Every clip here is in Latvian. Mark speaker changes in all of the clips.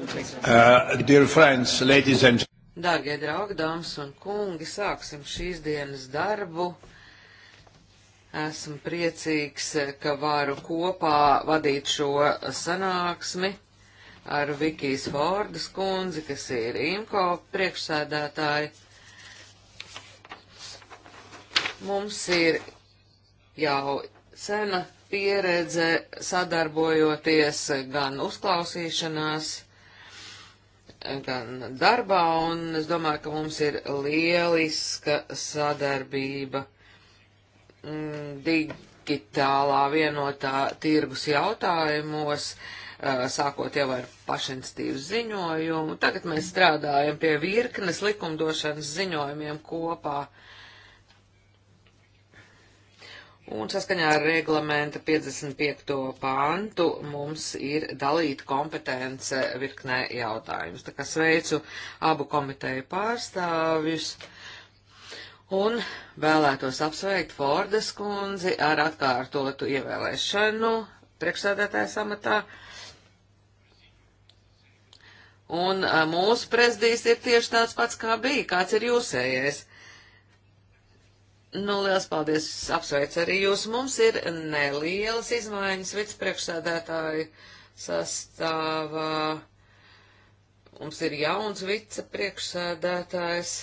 Speaker 1: Uh,
Speaker 2: friends, and...
Speaker 1: Dārgie draugi, dāmas un kungi, sāksim šīs dienas darbu. Esmu priecīgs, ka varu kopā vadīt šo sanāksmi ar Vikijas Fordas kundzi, kas ir IMCO priekšsēdētāji. Mums ir jau sena pieredze sadarbojoties gan uzklausīšanās, gan darbā, un es domāju, ka mums ir lieliska sadarbība mm, digitālā vienotā tirgus jautājumos, eh, sākot jau ar pašinstīvu ziņojumu. Tagad mēs strādājam pie virknes likumdošanas ziņojumiem kopā. Uh, Un saskaņā ar reglamenta 55. pāntu mums ir dalīta kompetence virknē jautājumus. Tā kā sveicu abu komiteju pārstāvjus un vēlētos apsveikt Fordas kundzi ar atkārtotu ievēlēšanu priekšsēdētājas amatā. Un mūsu prezidijs ir tieši tāds pats, kā bija. Kāds ir jūsējais? Nu, liels paldies, apsveic arī jūs. Mums ir nelielas izmaiņas vicepriekšsēdētāju sastāvā. Mums ir jauns vicepriekšsēdētājs.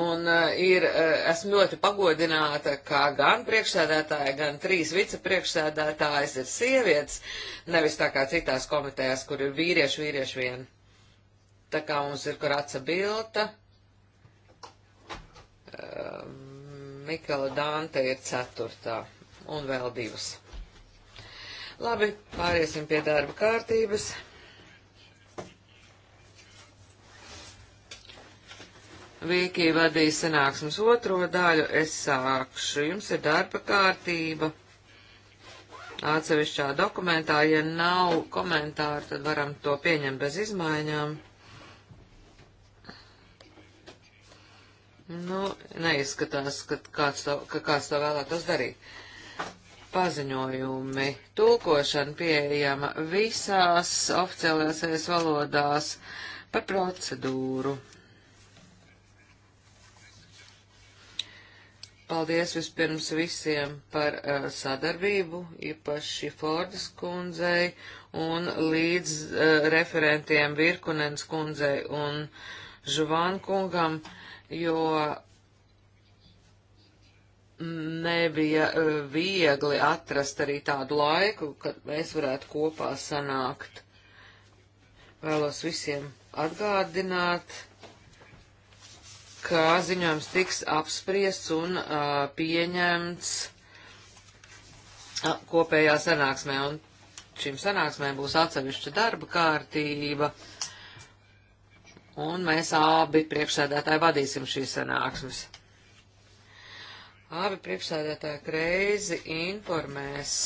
Speaker 1: Un uh, ir, uh, esmu ļoti pagodināta, ka gan priekšsēdētāja, gan trīs vicepriekšsēdētājas ir sievietes, nevis tā kā citās komitejās, kur ir vīrieši, vīrieši vien. Tā kā mums ir Koraca Bilta, ehm, Mikala Dante ir ceturtā un vēl divas. Labi, pāriesim pie darba kārtības. Vīkī vadīs sanāksmes otro daļu, es sākšu. Jums ir darba kārtība. Atsevišķā dokumentā, ja nav komentāru, tad varam to pieņemt bez izmaiņām. Nu, neizskatās, ka kāds to, ka kāds to vēlētos darīt. Paziņojumi. Tulkošana pieejama visās oficiālajās ES valodās par procedūru. Paldies vispirms visiem par uh, sadarbību, īpaši Fordas kundzei un līdz uh, referentiem Virkunens kundzei un Žuvan kungam. Uh, jo nebija e, viegli atrast arī tādu laiku, kad mēs varētu kopā sanākt. Vēlos visiem atgādināt, ka ziņojums tiks apspriests un uh, pieņemts uh, kopējā sanāksmē, un šīm sanāksmēm būs atsevišķa darba kārtība. Uh, un mēs abi priekšsēdētāji vadīsim šīs sanāksmes. Abi priekšsēdētāji kreizi informēs.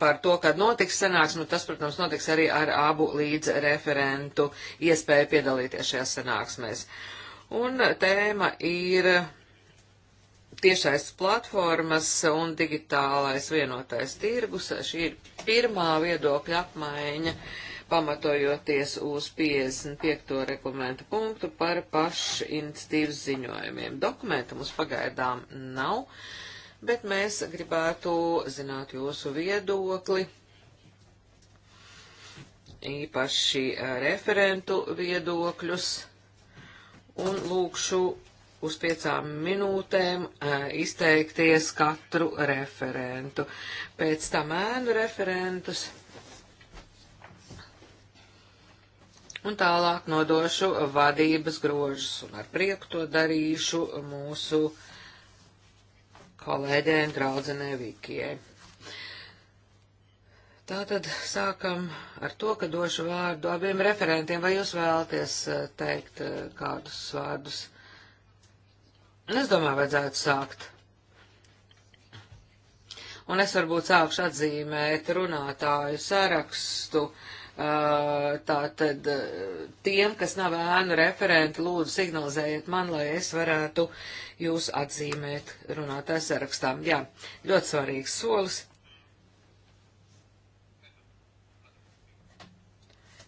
Speaker 1: par to, kad notiks sanāksme, tas, protams, notiks arī ar abu līdz referentu iespēju piedalīties šajās sanāksmēs. Un tēma ir tiešais platformas un digitālais vienotais tirgus. Šī ir pirmā viedokļa apmaiņa, pamatojoties uz 55. reglamentu punktu par pašinstīvas ziņojumiem. Dokumenta mums pagaidām nav, bet mēs gribētu zināt jūsu viedokli īpaši referentu viedokļus un lūkšu uz piecām minūtēm izteikties katru referentu. Pēc tam ēnu referentus. Un tālāk nodošu vadības grožus, un ar prieku to darīšu mūsu kolēģē un draudzenē Vikijai. Tātad sākam ar to, ka došu vārdu abiem referentiem. Vai jūs vēlaties teikt kādus vārdus? Uh, Un es domāju, vajadzētu sākt. Un es varbūt sākšu atzīmēt runātāju sarakstu. Uh, tātad tiem, kas nav ēnu referenti, lūdzu signalizējiet man, lai es varētu jūs atzīmēt runātāju sarakstām. Jā, ļoti svarīgs solis.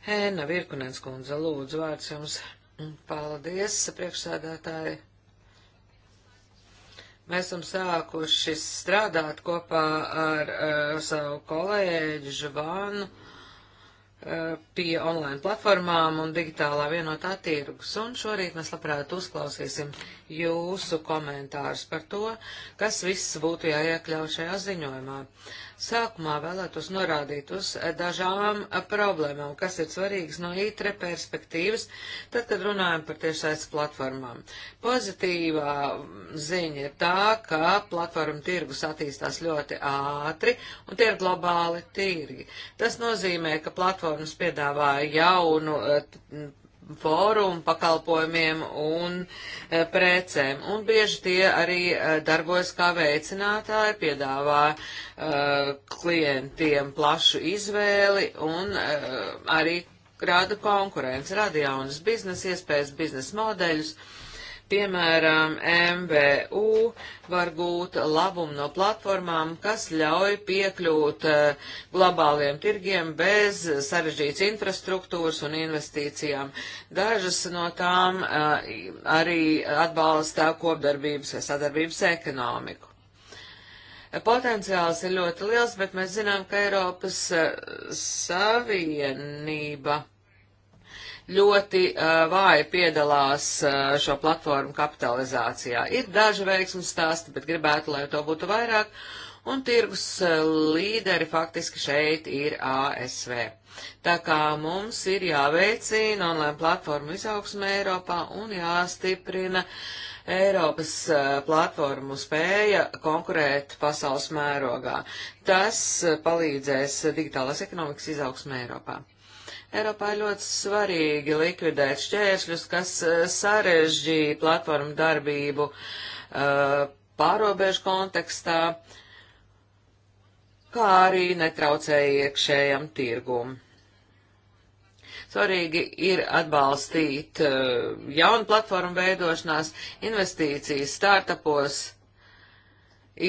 Speaker 1: Hēna Virkunens kundze, lūdzu, vārds jums. Paldies, priekšsādātāji. Mēs esam sākuši strādāt kopā ar uh, savu kolēģi Žvānu uh, eh, pie online platformām un digitālā vienotā tirgus. Un šorīt mēs labprāt uzklausīsim jūsu komentārus par to, kas viss būtu jāiekļauj šajā ziņojumā. Sākumā vēlētos norādīt uz dažām problēmām, kas ir svarīgas no ITRE perspektīvas, tad, kad runājam par tiešsaistes platformām. Pozitīvā ziņa ir tā, ka platforma tirgus attīstās ļoti ātri, un tie ir globāli tirgi. Tas nozīmē, ka platformas piedāvā jaunu eh, fórumu pakalpojumiem un e, precēm. Un bieži tie arī e, darbojas kā veicinātāji, piedāvā e, klientiem plašu izvēli un e, arī rada konkurence, rada jaunas biznesa iespējas, biznesa modeļus. E, Piemēram, MVU var gūt labumu no platformām, kas ļauj piekļūt eh, globāliem tirgiem bez sarežģītas infrastruktūras un investīcijām. Dažas no tām eh, arī atbalsta kopdarbības vai sadarbības ekonomiku. Potenciāls ir ļoti liels, bet mēs zinām, ka Eiropas eh, Savienība ļoti uh, vāji piedalās uh, šo platformu kapitalizācijā. Ir daži veiksmju stāsti, bet gribētu, lai to būtu vairāk, un tirgus uh, līderi faktiski šeit ir ASV. Tā kā mums ir jāveicina online platformu izaugsme Eiropā un jāstiprina Eiropas platformu spēja konkurēt pasaules mērogā. Tas palīdzēs digitālās ekonomikas izaugsme Eiropā. Eiropā ir ļoti svarīgi likvidēt šķēršļus, kas eh, sarežģīja platformu darbību uh, pārobežu kontekstā, kā arī netraucēja iekšējam tirgum. Svarīgi ir atbalstīt uh, jaunu platformu veidošanās, investīcijas startupos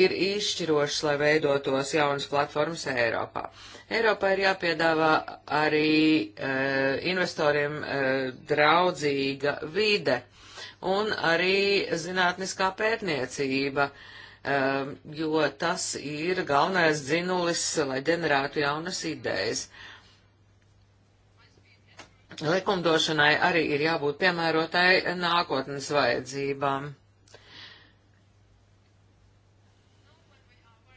Speaker 1: ir izšķirošas, lai veidotos jaunas platformas Eiropā. Uh, Eiropā ir jāpiedāvā arī uh, investoriem uh, draudzīga vide un arī zinātniskā pētniecība, uh, jo tas ir galvenais dzinulis, lai ģenerētu jaunas idejas. Likumdošanai arī ir jābūt piemērotai nākotnes vajadzībām.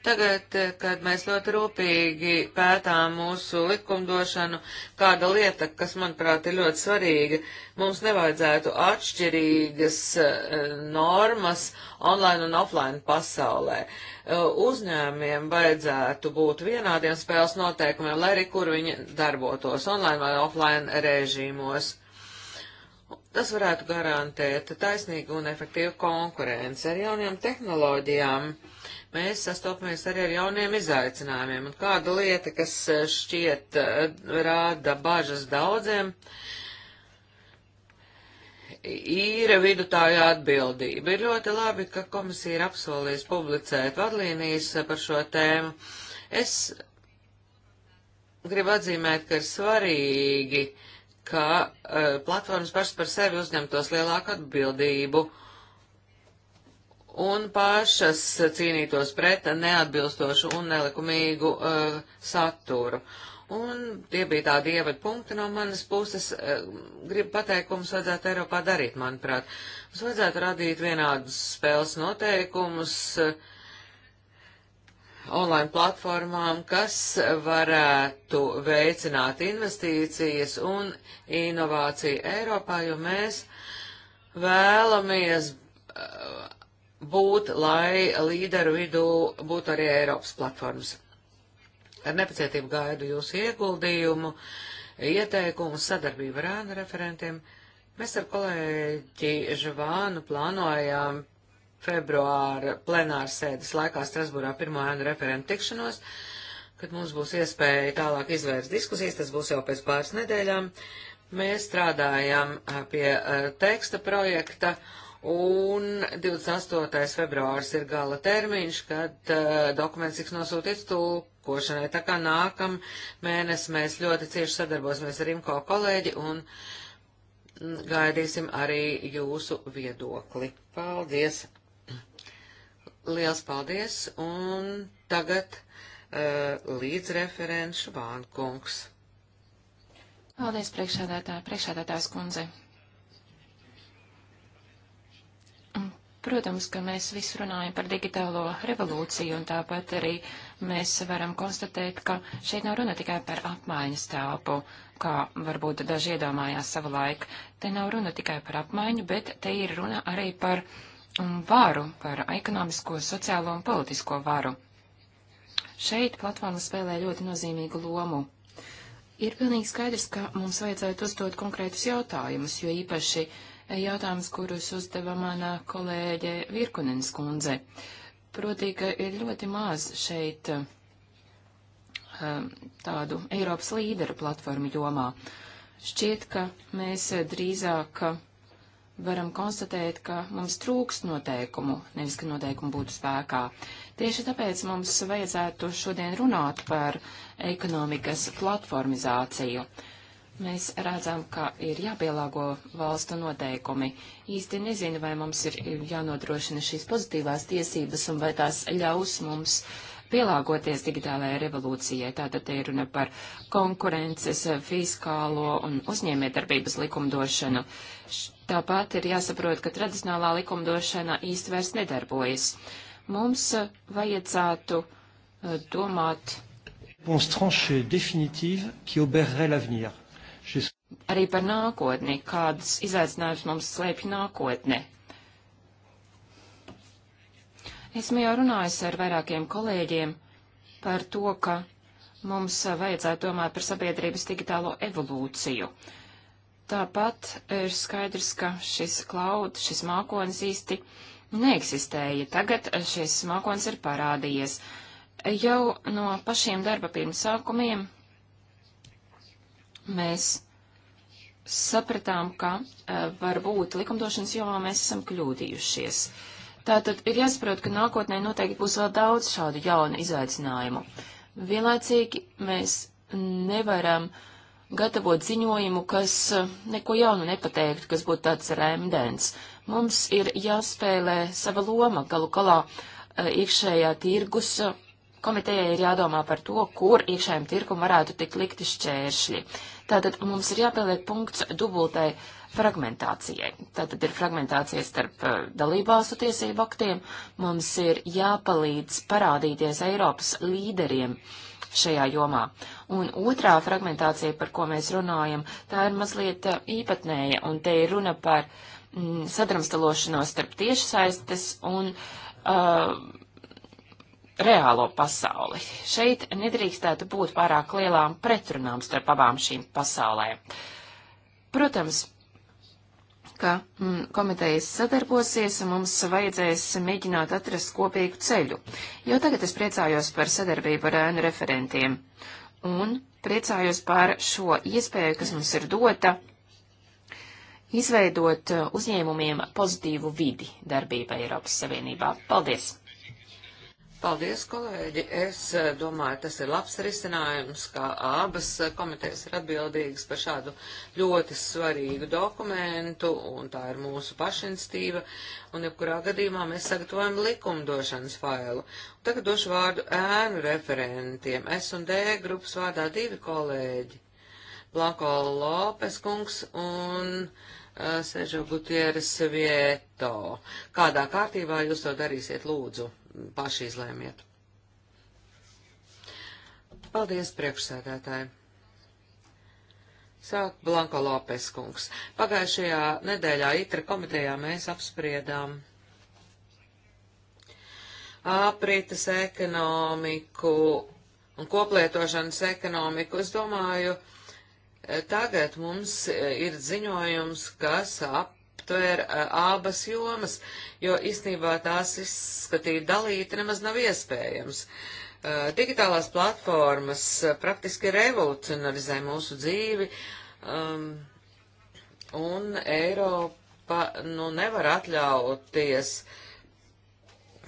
Speaker 1: Tagad, eh, kad mēs ļoti rūpīgi pētām mūsu likumdošanu, kāda lieta, kas, manuprāt, ir ļoti svarīga, mums nevajadzētu atšķirīgas eh, normas online un offline pasaulē. Eh, uzņēmiem vajadzētu būt vienādiem spēles noteikumiem, lai arī kur viņi darbotos, online vai offline režīmos. Tas varētu garantēt taisnīgu un efektīvu konkurenci ar jaunajām tehnoloģijām. Uh, mēs sastopamies arī ar jauniem izaicinājumiem. Un kāda lieta, kas eh, šķiet eh, rāda bažas daudziem, ir vidutāja atbildība. Ir ļoti labi, ka komisija ir apsolījusi publicēt vadlīnijas eh, par šo tēmu. Es gribu atzīmēt, ka ir svarīgi, ka uh, platformas pašas par sevi uzņemtos lielāku atbildību uh, un pašas cīnītos pret neatbilstošu un nelikumīgu uh, saturu. Un tie bija tādi ievadu punkti no manas puses. Uh, gribu pateikt, ko mums vajadzētu Eiropā darīt, manuprāt. Mums vajadzētu radīt vienādus spēles noteikumus uh, online platformām, kas varētu veicināt investīcijas un inovāciju Eiropā, jo mēs vēlamies uh, būt, lai līderu vidū būtu arī Eiropas platformas. Ar nepacietību gaidu jūsu ieguldījumu, ieteikumu, sadarbību ar ānu referentiem. Mēs ar kolēģi Žvānu plānojām februāra plenāra sēdes laikā Strasburā pirmo ānu referentu tikšanos, kad mums būs iespēja tālāk izvērst diskusijas, tas būs jau pēc pāris nedēļām. Mēs strādājam pie teksta projekta Un 28. februārs ir gala termiņš, kad uh, dokuments tiks nosūtīts tulkošanai. Tā kā nākam mēnes mēs ļoti cieši sadarbosimies ar IMCO kolēģi un gaidīsim arī jūsu viedokli. Paldies! Liels paldies! Un tagad uh, līdzreferents Vānkungs.
Speaker 2: Paldies, priekšsēdētāji, priekšsēdētājs kundze. Protams, ka mēs visu runājam par digitālo revolūciju, un tāpat arī mēs varam konstatēt, ka šeit nav runa tikai par apmaiņas telpu, kā varbūt daži iedomājās savu laiku. Te nav runa tikai par apmaiņu, bet te ir runa arī par mm, varu, par ekonomisko, sociālo un politisko varu. Šeit platforma spēlē ļoti nozīmīgu lomu. Ir pilnīgi skaidrs, ka mums vajadzētu uzdot konkrētus jautājumus, jo īpaši uh, jautājums, kurus uzdeva manā kolēģe Virkunens kundze. Proti, ka ir ļoti maz šeit um, tādu Eiropas līderu platformu jomā. Šķiet, ka mēs drīzāk varam konstatēt, ka mums trūkst noteikumu, nevis ka noteikumi būtu spēkā. Tieši tāpēc mums vajadzētu šodien runāt par ekonomikas platformizāciju. Uh, Mēs redzam, ka ir jāpielāgo valstu noteikumi. Īsti nezinu, vai mums ir jānodrošina šīs pozitīvās tiesības un vai tās ļaus mums pielāgoties digitālajai revolūcijai. Tātad te ir runa par konkurences, fiskālo un uzņēmētarbības likumdošanu. Tāpat ir jāsaprot, ka tradicionālā likumdošana īsti vairs nedarbojas. Mums vajadzētu eh, domāt.
Speaker 1: Réponse tranchée définitive qui obérerait l'avenir šis.
Speaker 2: Arī par nākotni, kādas izaicinājumus mums slēpj nākotne. Esmu jau runājusi ar vairākiem kolēģiem par to, ka mums vajadzētu domāt par sabiedrības digitālo evolūciju. Tāpat ir skaidrs, ka šis cloud, šis mākonis īsti neeksistēja. Tagad šis mākonis ir parādījies. Jau no pašiem darba pirmsākumiem mēs sapratām, ka eh, varbūt likumdošanas jomā mēs esam kļūdījušies. Tātad ir jāsaprot, ka nākotnē noteikti būs vēl daudz šādu jaunu izaicinājumu. Vienlaicīgi mēs nevaram gatavot ziņojumu, kas eh, neko jaunu nepateiktu, kas būtu tāds remdens. Mums ir jāspēlē sava loma, galu galā eh, iekšējā tirgus Komitejai ir jādomā par to, kur iekšējiem tirkum varētu tikt likti šķēršļi. Tātad mums ir jāpieliek punkts dubultai fragmentācijai. Tātad ir fragmentācija starp eh, dalībvalstu tiesību aktiem. Mums ir jāpalīdz parādīties Eiropas līderiem šajā jomā. Un otrā fragmentācija, par ko mēs runājam, tā ir mazliet eh, īpatnēja, un te ir runa par mm, sadramstalošanos starp tiešsaistes un uh, reālo pasauli. Šeit nedrīkstētu būt pārāk lielām pretrunām starp abām šīm pasaulēm. Protams, ka mm, komitejas sadarbosies un mums vajadzēs mēģināt atrast kopīgu ceļu, jo tagad es priecājos par sadarbību ar ēnu referentiem un priecājos par šo iespēju, kas mums ir dota, izveidot uzņēmumiem pozitīvu vidi
Speaker 1: darbībai Eiropas Savienībā. Paldies! Paldies, kolēģi. Es eh, domāju, tas ir labs risinājums, ka abas eh, komitejas ir atbildīgas par šādu ļoti svarīgu dokumentu, un tā ir mūsu pašinstīva, un jebkurā gadījumā mēs sagatavojam likumdošanas failu. Un tagad došu vārdu ēnu referentiem. S un D grupas vārdā divi kolēģi. Blanko Lopes kungs un uh, Sežo Gutieres Vieto. Kādā kārtībā jūs to darīsiet, lūdzu? paši izlēmiet. Paldies, priekšsēdētāji! Sāk Blanko Lopes kungs. Pagājušajā nedēļā ITRA komitejā mēs apspriedām aprītas ekonomiku un koplietošanas ekonomiku. Es domāju, tagad mums ir ziņojums, kas ap aptver abas jomas, jo īstenībā tās izskatīt dalīti nemaz nav iespējams. Digitālās platformas praktiski revolucionarizē mūsu dzīvi, um, un Eiropa nu, nevar atļauties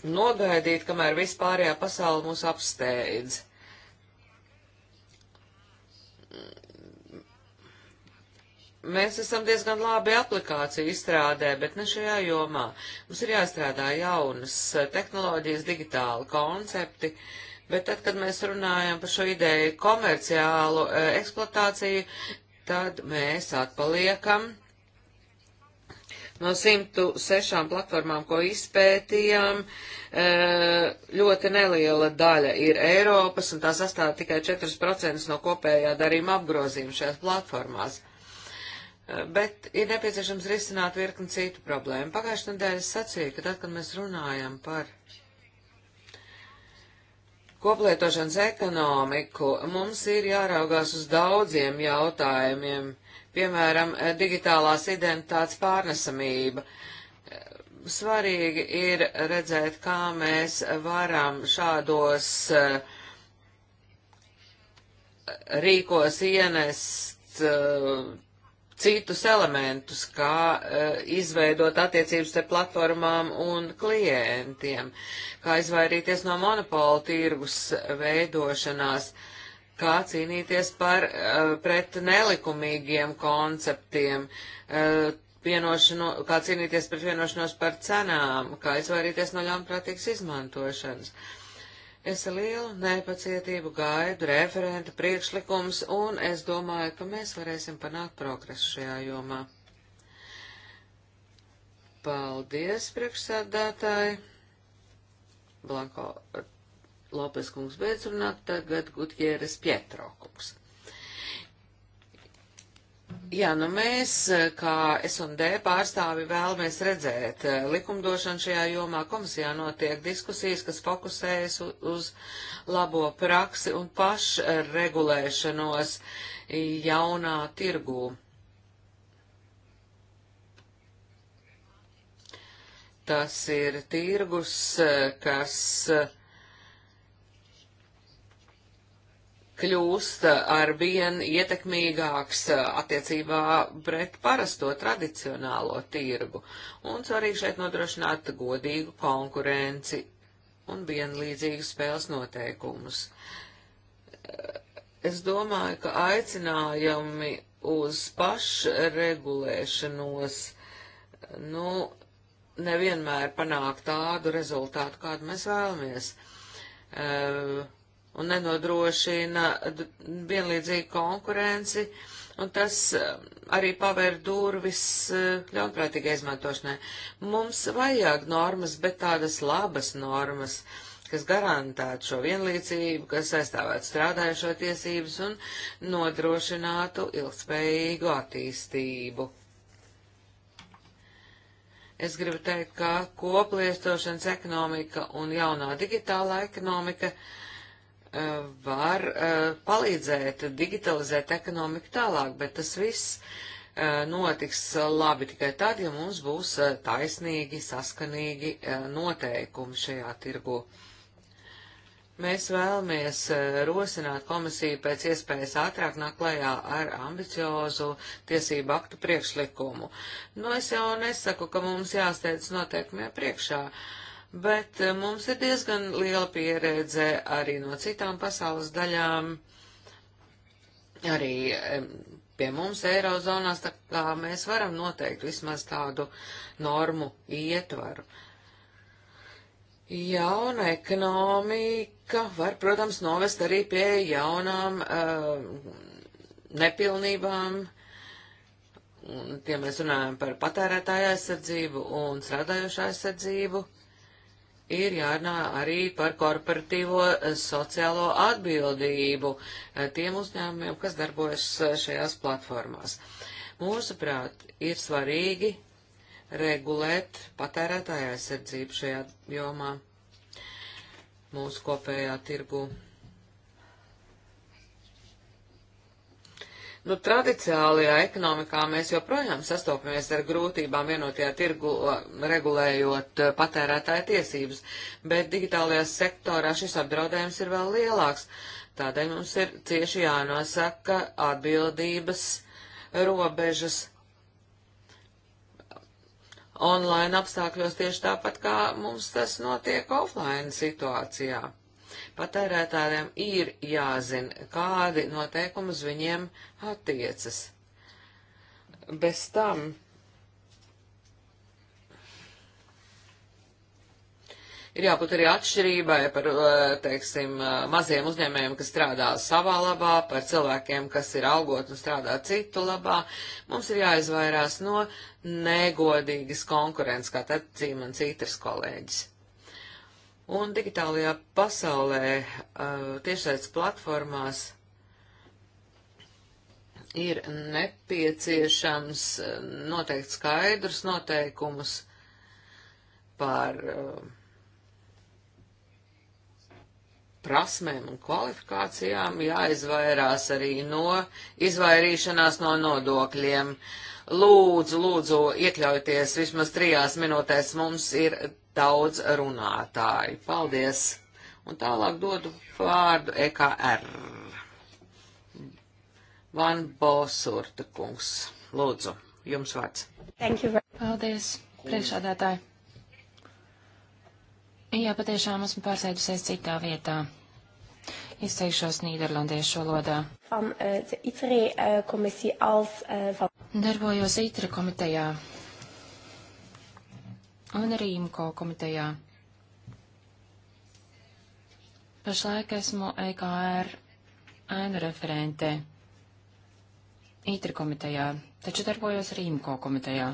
Speaker 1: nogaidīt, kamēr vispārējā pasaule mūs apsteidz mēs esam diezgan labi aplikāciju izstrādē, bet ne šajā jomā. Mums ir jāstrādā jaunas eh, tehnoloģijas, digitāli koncepti, bet tad, kad mēs runājam par šo ideju komerciālu eh, eksploatāciju, tad mēs atpaliekam. No 106 platformām, ko izpētījām, eh, ļoti neliela daļa ir Eiropas, un tā sastāv tikai 4% no kopējā darījuma apgrozījuma šajās platformās bet ir nepieciešams risināt virkni citu problēmu. Pagājušajā nedēļā es sacīju, ka tad, kad mēs runājam par koplietošanas ekonomiku, mums ir jāraugās uz daudziem jautājumiem, piemēram, digitālās identitātes pārnesamība. Svarīgi ir redzēt, kā mēs varam šādos eh, rīkos ienest eh, citus elementus, kā uh, izveidot attiecības ar platformām un klientiem, kā izvairīties no monopola tirgus veidošanās, kā cīnīties par, uh, pret nelikumīgiem konceptiem, uh, kā cīnīties pret vienošanos par cenām, kā izvairīties no ļaunprātīgas izmantošanas. Uh, Es ar lielu nepacietību gaidu referenta priekšlikums, un es domāju, ka mēs varēsim panākt progresu šajā jomā. Paldies, priekšsādātāji! Blanko Lopes kungs beidz runāt, tagad Gutieres Pietro kungs. Jā, nu mēs, kā S&D pārstāvi, vēlamies redzēt eh, likumdošanu šajā jomā. Komisijā notiek diskusijas, kas fokusējas uz labo praksi un pašregulēšanos jaunā tirgū. Tas ir tirgus, eh, kas eh, kļūst ar vien ietekmīgāks eh, attiecībā pret parasto tradicionālo tirgu, un svarīgi šeit nodrošināt godīgu konkurenci un vienlīdzīgu spēles noteikumus. Es domāju, ka aicinājumi uz pašregulēšanos, nu, nevienmēr panāk tādu rezultātu, kādu mēs vēlamies. Uh, un nenodrošina vienlīdzīgu konkurenci, un tas eh, arī paver durvis eh, ļaunprātīgai izmantošanai. Mums vajag normas, bet tādas labas normas kas garantētu šo vienlīdzību, kas aizstāvētu strādājušo tiesības un nodrošinātu ilgspējīgu attīstību. Es gribu teikt, ka koplietošanas ekonomika un jaunā digitālā ekonomika uh, E, var e, palīdzēt digitalizēt ekonomiku tālāk, bet tas viss e, notiks labi tikai tad, ja mums būs taisnīgi, saskanīgi noteikumi šajā tirgu. Mēs vēlamies rosināt komisiju pēc iespējas ātrāk nāk klajā ar ambiciozu tiesību aktu priekšlikumu. Nu, es jau nesaku, ka mums jāsteidz noteikumiem priekšā. Uh, bet eh, mums ir diezgan liela pieredze arī no citām pasaules daļām, arī pie mums Eirozonās, tā kā mēs varam noteikt vismaz tādu normu ietvaru. Jauna ekonomika var, protams, novest arī pie jaunām uh, nepilnībām, un tie mēs runājam par patērētāju aizsardzību un strādājušu aizsardzību ir jārunā arī par korporatīvo eh, sociālo atbildību eh, tiem uzņēmumiem, kas darbojas eh, šajās platformās. Mūsuprāt, ir svarīgi regulēt patērētāja aizsardzību šajā jomā mūsu kopējā tirgu. Nu, tradicionālajā ekonomikā mēs joprojām sastopamies ar grūtībām vienotajā tirgu eh, regulējot eh, patērētāja tiesības, bet digitālajā sektorā šis apdraudējums ir vēl lielāks. Tādēļ mums ir cieši jānosaka atbildības robežas online apstākļos tieši tāpat, kā mums tas notiek offline situācijā. Patērētājiem ir jāzina, kādi noteikumi uz viņiem attiecas. Bez tam ir jābūt arī atšķirībai par, eh, teiksim, eh, maziem uzņēmējiem, kas strādā savā labā, par cilvēkiem, kas ir algot un strādā citu labā. Mums ir jāizvairās no negodīgas konkurences, kā tad cīman citas kolēģis. Un digitālajā pasaulē, uh, tiešsaistes platformās, ir nepieciešams uh, noteikt skaidrus noteikumus par uh, prasmēm un kvalifikācijām, jāizvairās arī no izvairīšanās no nodokļiem. Lūdzu, lūdzu, iekļaujieties vismaz trijās minūtēs, mums ir daudz runātāji. Paldies! Un tālāk dodu vārdu EKR. Van Bosurta kungs. Lūdzu, jums vārds.
Speaker 2: Thank you. Paldies, priekšādātāji. Jā, patiešām esmu pārsēdusies citā vietā. Izteikšos nīderlandiešu valodā. Van, uh, ITRE, uh, als, uh, van... Darbojos ITRE komitejā un arī IMCO komitejā. Pašlaik esmu EKR ēnu referente ITRI komitejā, taču darbojos arī IMCO komitejā.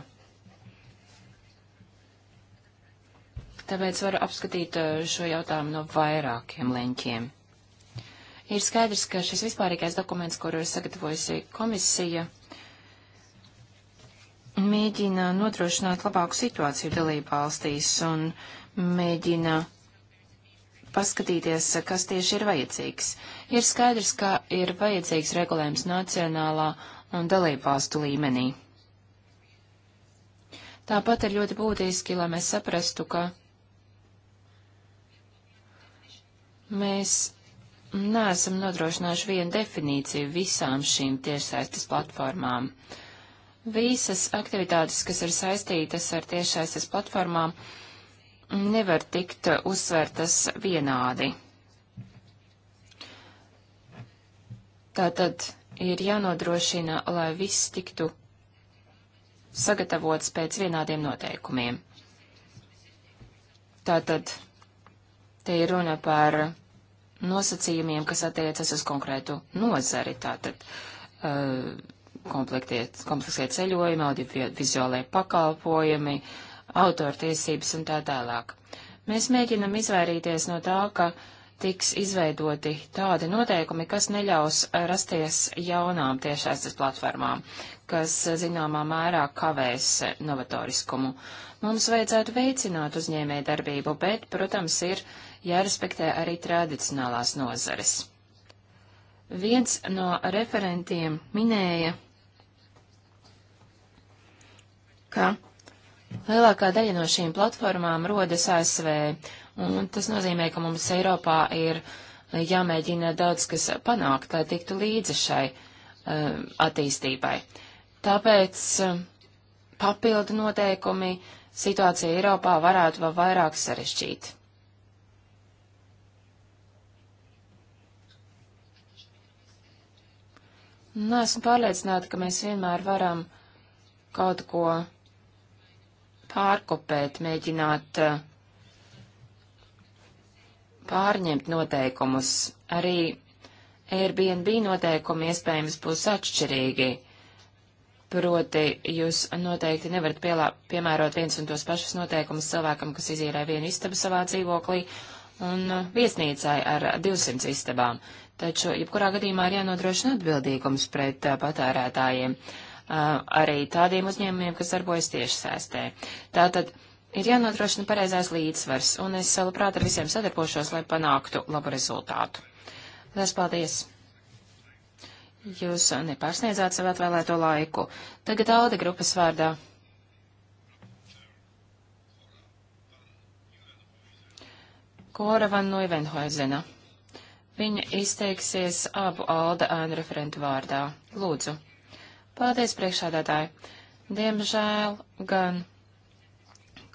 Speaker 2: Tāpēc varu apskatīt eh, šo jautājumu no vairākiem leņķiem. Ir skaidrs, ka šis vispārīgais dokuments, kuru ir sagatavojusi komisija, mēģina nodrošināt labāku situāciju dalību valstīs un mēģina paskatīties, kas tieši ir vajadzīgs. Ir skaidrs, ka ir vajadzīgs regulējums nacionālā un dalību valstu līmenī. Tāpat ir ļoti būtiski, lai mēs saprastu, ka mēs neesam nodrošinājuši vienu definīciju visām šīm tiešsaistes platformām. Uh, Visas aktivitātes, kas ir saistītas ar tiešaisas platformām, nevar tikt uzsvērtas vienādi. Tātad ir jānodrošina, lai viss tiktu sagatavots pēc vienādiem noteikumiem. Tātad te ir runa par nosacījumiem, kas attiecas uz konkrētu nozari, tātad uh, kompleksie ceļojumi, audiovizuālajie pakalpojumi, autortiesības un tā tālāk. Mēs mēģinam izvairīties no tā, ka tiks izveidoti tādi noteikumi, kas neļaus rasties jaunām tiešsaistes platformām, kas zināmā mērā kavēs novatoriskumu. Mums vajadzētu veicināt uzņēmē darbību, bet, protams, ir jārespektē arī tradicionālās nozares. Viens no referentiem minēja ka lielākā daļa no šīm platformām rodas ASV, un tas nozīmē, ka mums Eiropā ir jāmēģina daudz kas panākt, lai tiktu līdzi šai um, attīstībai. Tāpēc um, papildu noteikumi situācija Eiropā varētu vēl vairāk sarežģīt. Nē, esmu pārliecināta, ka mēs vienmēr varam kaut ko pārkopēt, mēģināt eh, pārņemt noteikumus. Arī Airbnb noteikumi iespējams būs atšķirīgi. Proti, jūs noteikti nevarat pielā, piemērot viens un tos pašus noteikumus cilvēkam, kas izīrē vienu istabu savā dzīvoklī un eh, viesnīcai ar 200 istabām. Taču, jebkurā gadījumā ir jānodrošina atbildīgums pret eh, patērētājiem. Uh, arī tādiem uzņēmumiem, kas darbojas tiešsaistē. Tātad ir jānodrošina pareizais līdzsvars, un es labprāt ar visiem sadarbošos, lai panāktu labu rezultātu. Lielas paldies! Jūs nepārsniedzāt sev atvēlēto laiku. Tagad Alde grupas vārdā. Kora van Noivenhoizena. Viņa izteiksies abu Alda ēnu referentu vārdā. Lūdzu. Paldies, priekšādātāji. Diemžēl gan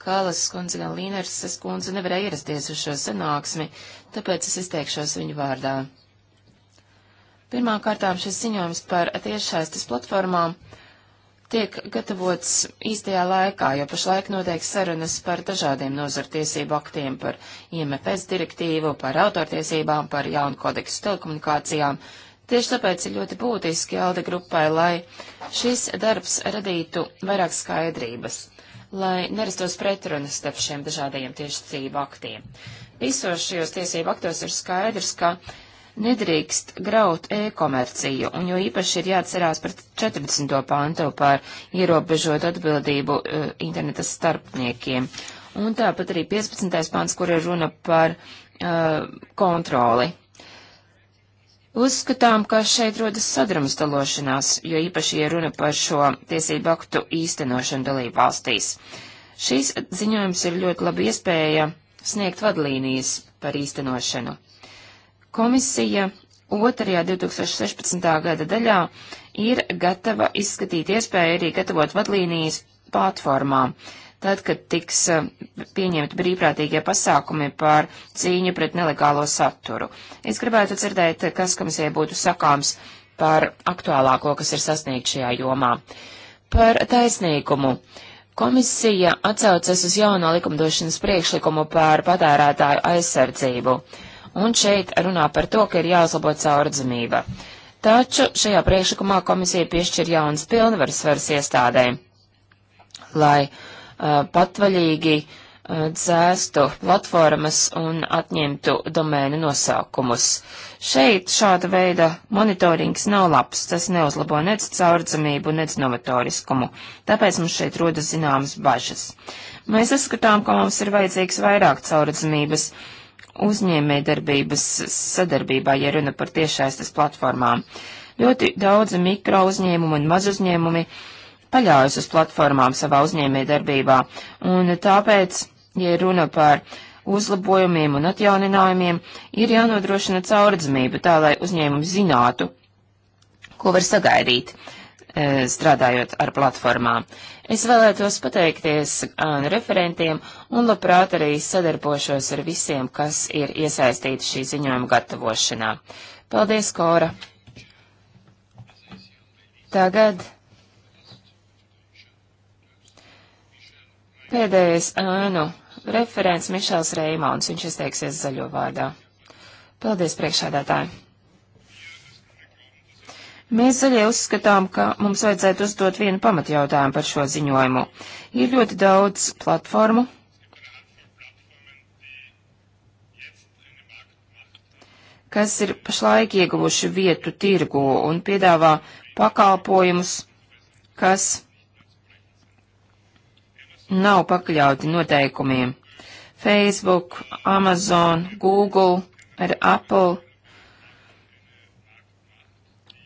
Speaker 2: Kalas skundze, gan Līneres skundze nevarēja ierasties uz šo sanāksmi, tāpēc es izteikšos viņu vārdā. Pirmkārtām šis ziņojums par tiešsaistes platformām tiek gatavots īstajā laikā, jo pašlaik notiek sarunas par dažādiem nozartiesību aktiem, par IMFS direktīvu, par autortiesībām, par jaunu kodeksu telekomunikācijām, Tieši tāpēc ir ļoti būtiski Alde grupai, lai šis darbs radītu vairāk skaidrības, lai nerastos pretrunas starp šiem dažādajiem tiesību aktiem. Visos šajos tiesību aktos ir skaidrs, ka nedrīkst graut e-komerciju, un jo īpaši ir jāatcerās par 14. pāntu par ierobežot atbildību e, interneta starpniekiem. Un tāpat arī 15. pāns, kur ir runa par e, kontroli Uzskatām, ka šeit rodas sadrumstalošanās, jo īpaši ir runa par šo tiesību aktu īstenošanu dalību valstīs. Šīs ziņojums ir ļoti laba iespēja sniegt vadlīnijas par īstenošanu. Komisija otrajā 2016. gada daļā ir gatava izskatīt iespēju arī gatavot vadlīnijas platformām tad, kad tiks eh, pieņemti brīvprātīgie pasākumi par cīņu pret nelegālo saturu. Es gribētu dzirdēt, kas komisijai būtu sakāms par aktuālāko, kas ir sasniegts šajā jomā. Par taisnīgumu. Komisija atsaucas uz jauno likumdošanas priekšlikumu par patērētāju aizsardzību, un šeit runā par to, ka ir jāuzlabo caurdzamība. Taču šajā priekšlikumā komisija piešķir jaunas pilnvaras varas iestādēm, lai patvaļīgi dzēstu platformas un atņemtu domēnu nosaukumus. Šeit šāda veida monitorings nav labs, tas neuzlabo nec caurdzamību, nec novatoriskumu, tāpēc mums šeit rodas zināmas bažas. Mēs uzskatām, ka mums ir vajadzīgs vairāk caurdzamības uzņēmējdarbības sadarbībā, ja runa par tiešaistes platformām. Ļoti daudzi mikro uzņēmumi un mazuzņēmumi uzņēmumi paļaujas uz platformām savā uzņēmē darbībā, un tāpēc, ja runa par uzlabojumiem un atjauninājumiem, ir jānodrošina caurdzamība tā, lai uzņēmumi zinātu, ko var sagaidīt e, strādājot ar platformām. Es vēlētos pateikties uh, referentiem un labprāt arī sadarbošos ar visiem, kas ir iesaistīti šī ziņojuma gatavošanā. Paldies, Kora! Tagad Pēdējais ēnu referents Mišels Reimons, viņš izteiksies zaļo vārdā. Paldies, priekšādātāji! Mēs zaļie uzskatām, ka mums vajadzētu uzdot vienu pamatjautājumu par šo ziņojumu. Ir ļoti daudz platformu. kas ir pašlaik ieguvuši vietu tirgu un piedāvā pakalpojumus, kas nav pakļauti noteikumiem. Facebook, Amazon, Google, ar Apple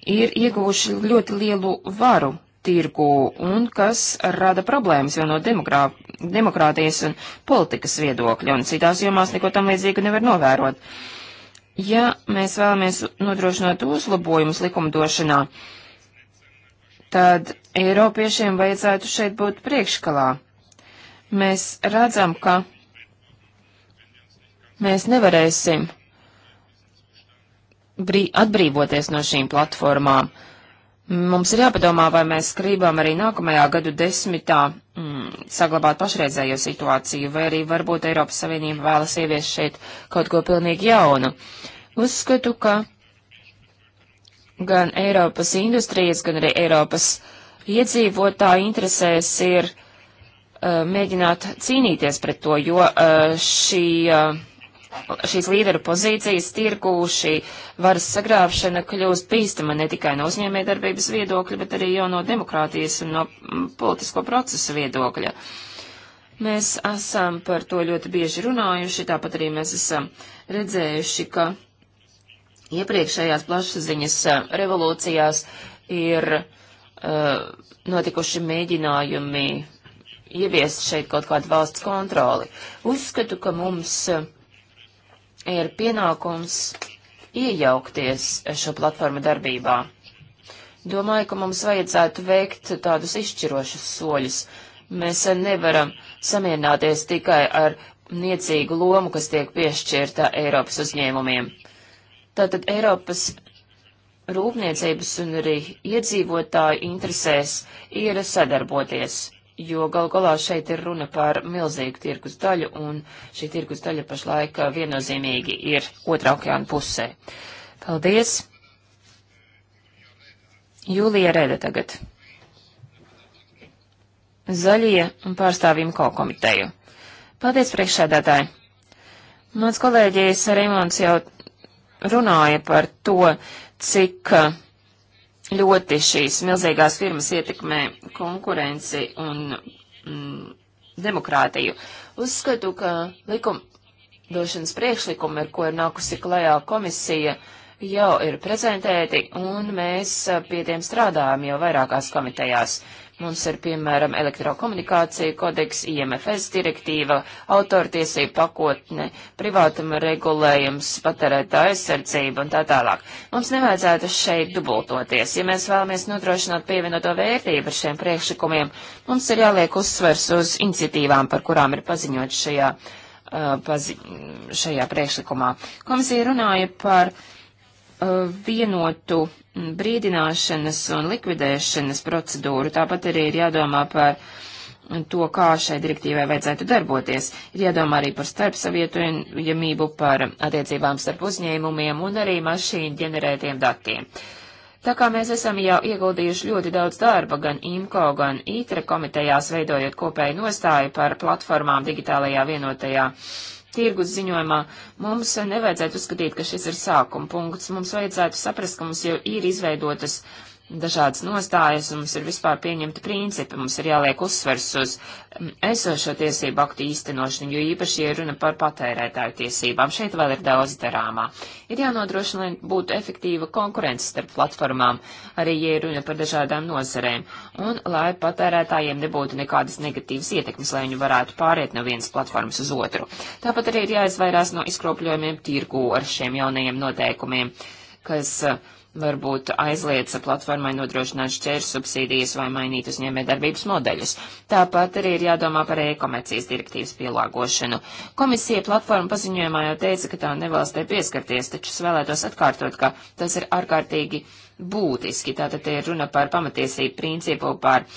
Speaker 2: ir ieguvuši ļoti lielu varu tirgu un kas rada problēmas jau no demokrā, demokrātijas un politikas viedokļa, un citās jomās neko tam līdzīgu nevar novērot. Ja mēs vēlamies nodrošināt uzlabojumus likumdošanā, tad Eiropiešiem vajadzētu šeit būt priekškalā mēs redzam, ka mēs nevarēsim atbrīvoties no šīm platformām. Mums ir jāpadomā, vai mēs gribam arī nākamajā gadu desmitā mm, saglabāt pašreizējo situāciju, vai arī varbūt Eiropas Savienība vēlas ievies šeit kaut ko pilnīgi jaunu. Uzskatu, ka gan Eiropas industrijas, gan arī Eiropas iedzīvotāju interesēs ir Uh, mēģināt cīnīties pret to, jo uh, šī, uh, šīs līderu pozīcijas tirgū, šī varas sagrābšana kļūst bīstama ne tikai no uzņēmējdarbības viedokļa, bet arī jau no demokrātijas un no mm, politisko procesu viedokļa. Mēs esam par to ļoti bieži runājuši, tāpat arī mēs esam redzējuši, ka iepriekšējās plašsaziņas revolūcijās ir uh, notikuši mēģinājumi ieviest šeit kaut kādu valsts kontroli. Uzskatu, ka mums eh, ir pienākums iejaukties šo platformu darbībā. Domāju, ka mums vajadzētu veikt tādus izšķirošus soļus. Mēs nevaram samierināties tikai ar niecīgu lomu, kas tiek piešķirta Eiropas uzņēmumiem. Tātad Eiropas rūpniecības un arī iedzīvotāju interesēs ir sadarboties jo gal galā šeit ir runa par milzīgu tirgus daļu, un šī tirgus daļa pašlaik viennozīmīgi ir otrā okeāna pusē. Paldies! Jūlija Reda tagad. Zaļie un pārstāvjiem ko komiteju. Paldies, priekšsēdētāji! Mans kolēģis Raimons jau runāja par to, cik uh, ļoti šīs milzīgās firmas ietekmē konkurenci un mm, demokrātiju. Uzskatu, ka likumdošanas priekšlikumi, ar ko ir nākusi klajā komisija, jau ir prezentēti, un mēs pie tiem strādājam jau vairākās komitejās. Mums ir, piemēram, elektrokomunikācija kodeks, IMFS direktīva, autortiesība pakotne, privātuma regulējums, patērētā aizsardzība un tā tālāk. Mums nevajadzētu šeit dubultoties. Ja mēs vēlamies nodrošināt pievienoto vērtību ar šiem priekšlikumiem, mums ir jāliek uzsvers uz iniciatīvām, par kurām ir paziņots šajā, uh, pazi šajā priekšlikumā. Komisija runāja par Uh, vienotu brīdināšanas un likvidēšanas procedūru. Tāpat arī ir jādomā par to, kā šai direktīvai vajadzētu darboties. Ir jādomā arī par starpsavietojamību, par attiecībām starp uzņēmumiem un arī mašīnu ģenerētiem datiem. Tā kā mēs esam jau ieguldījuši ļoti daudz darba gan IMCO, gan ITRE komitejās, veidojot kopēju nostāju par platformām digitālajā vienotajā uh, tirgus ziņojumā, mums nevajadzētu uzskatīt, ka šis ir sākuma punkts. Mums vajadzētu saprast, ka mums jau ir izveidotas uh, dažādas nostājas, un mums ir vispār pieņemti principi, mums ir jāliek uzsvers uz mm, esošo tiesību aktu īstenošanu, jo īpaši ir runa par patērētāju tiesībām. Šeit vēl ir daudz darāmā. Ir jānodrošina, lai būtu efektīva konkurence starp platformām, arī ja ir runa par dažādām nozarēm, un lai patērētājiem nebūtu nekādas negatīvas ietekmes, lai viņi varētu pāriet no vienas platformas uz otru. Tāpat arī ir jāizvairās no izkropļojumiem tirgū ar šiem jaunajiem noteikumiem, kas uh, varbūt aizliedza platformai nodrošināt šķērs subsīdijas vai mainīt uzņēmē darbības modeļus. Tāpat arī ir jādomā par e-komercijas direktīvas pielāgošanu. Komisija platforma paziņojumā jau teica, ka tā nevēlastē pieskarties, taču es vēlētos atkārtot, ka tas ir ārkārtīgi būtiski. Tātad ir runa par pamatiesību principu, par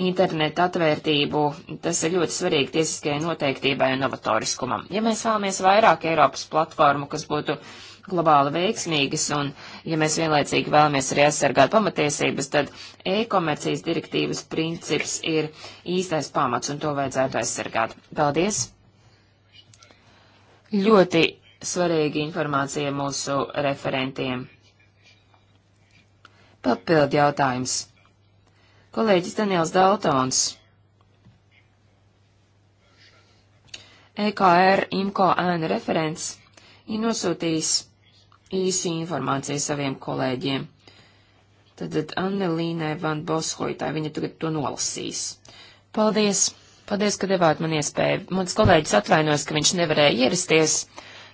Speaker 2: internetu atvērtību. Tas ir ļoti svarīgi tiesiskajai noteiktībai un novatoriskumam. Ja mēs vēlamies vairāk Eiropas platformu, kas būtu globāli veiksmīgas, un ja mēs vienlaicīgi vēlamies arī aizsargāt pamatiesības, tad e-komercijas direktīvas princips ir īstais pamats, un to vajadzētu aizsargāt. Paldies! Ļoti svarīga informācija mūsu referentiem. Papildi jautājums. Kolēģis Daniels Daltons. EKR IMCO ēna referents ir nosūtījis īsi informācija saviem kolēģiem. Tad, tad Annelīnai Van Boskoitai viņa tagad to nolasīs. Paldies! Paldies, ka devāt man iespēju. Mans kolēģis atvainojas, ka viņš nevarēja ierasties,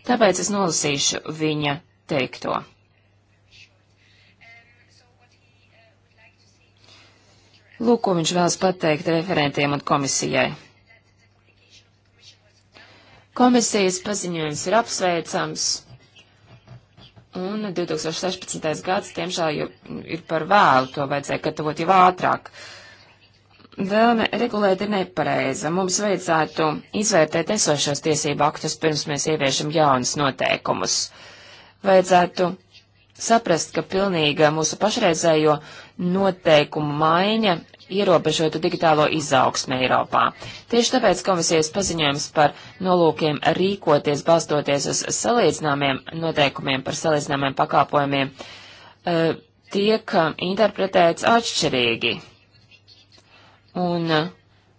Speaker 2: tāpēc es nolasīšu viņa teikto. Lūk, ko viņš vēlas pateikt referentiem un komisijai. Komisijas paziņojums ir apsveicams Un 2016. gads, tiemžēl, jau ir par vēlu, to vajadzēja gatavot jau ātrāk. Vēlme regulēt ir nepareiza. Mums vajadzētu izvērtēt esošos tiesību aktus, pirms mēs ieviešam jaunas noteikumus. Vajadzētu saprast, ka pilnīga mūsu pašreizējo noteikumu maiņa ierobežotu digitālo izaugsmu Eiropā. Tieši tāpēc komisijas paziņojums par nolūkiem rīkoties balstoties uz salīdzināmiem noteikumiem par salīdzināmiem pakāpojumiem eh, tiek eh, interpretēts atšķirīgi. Un eh,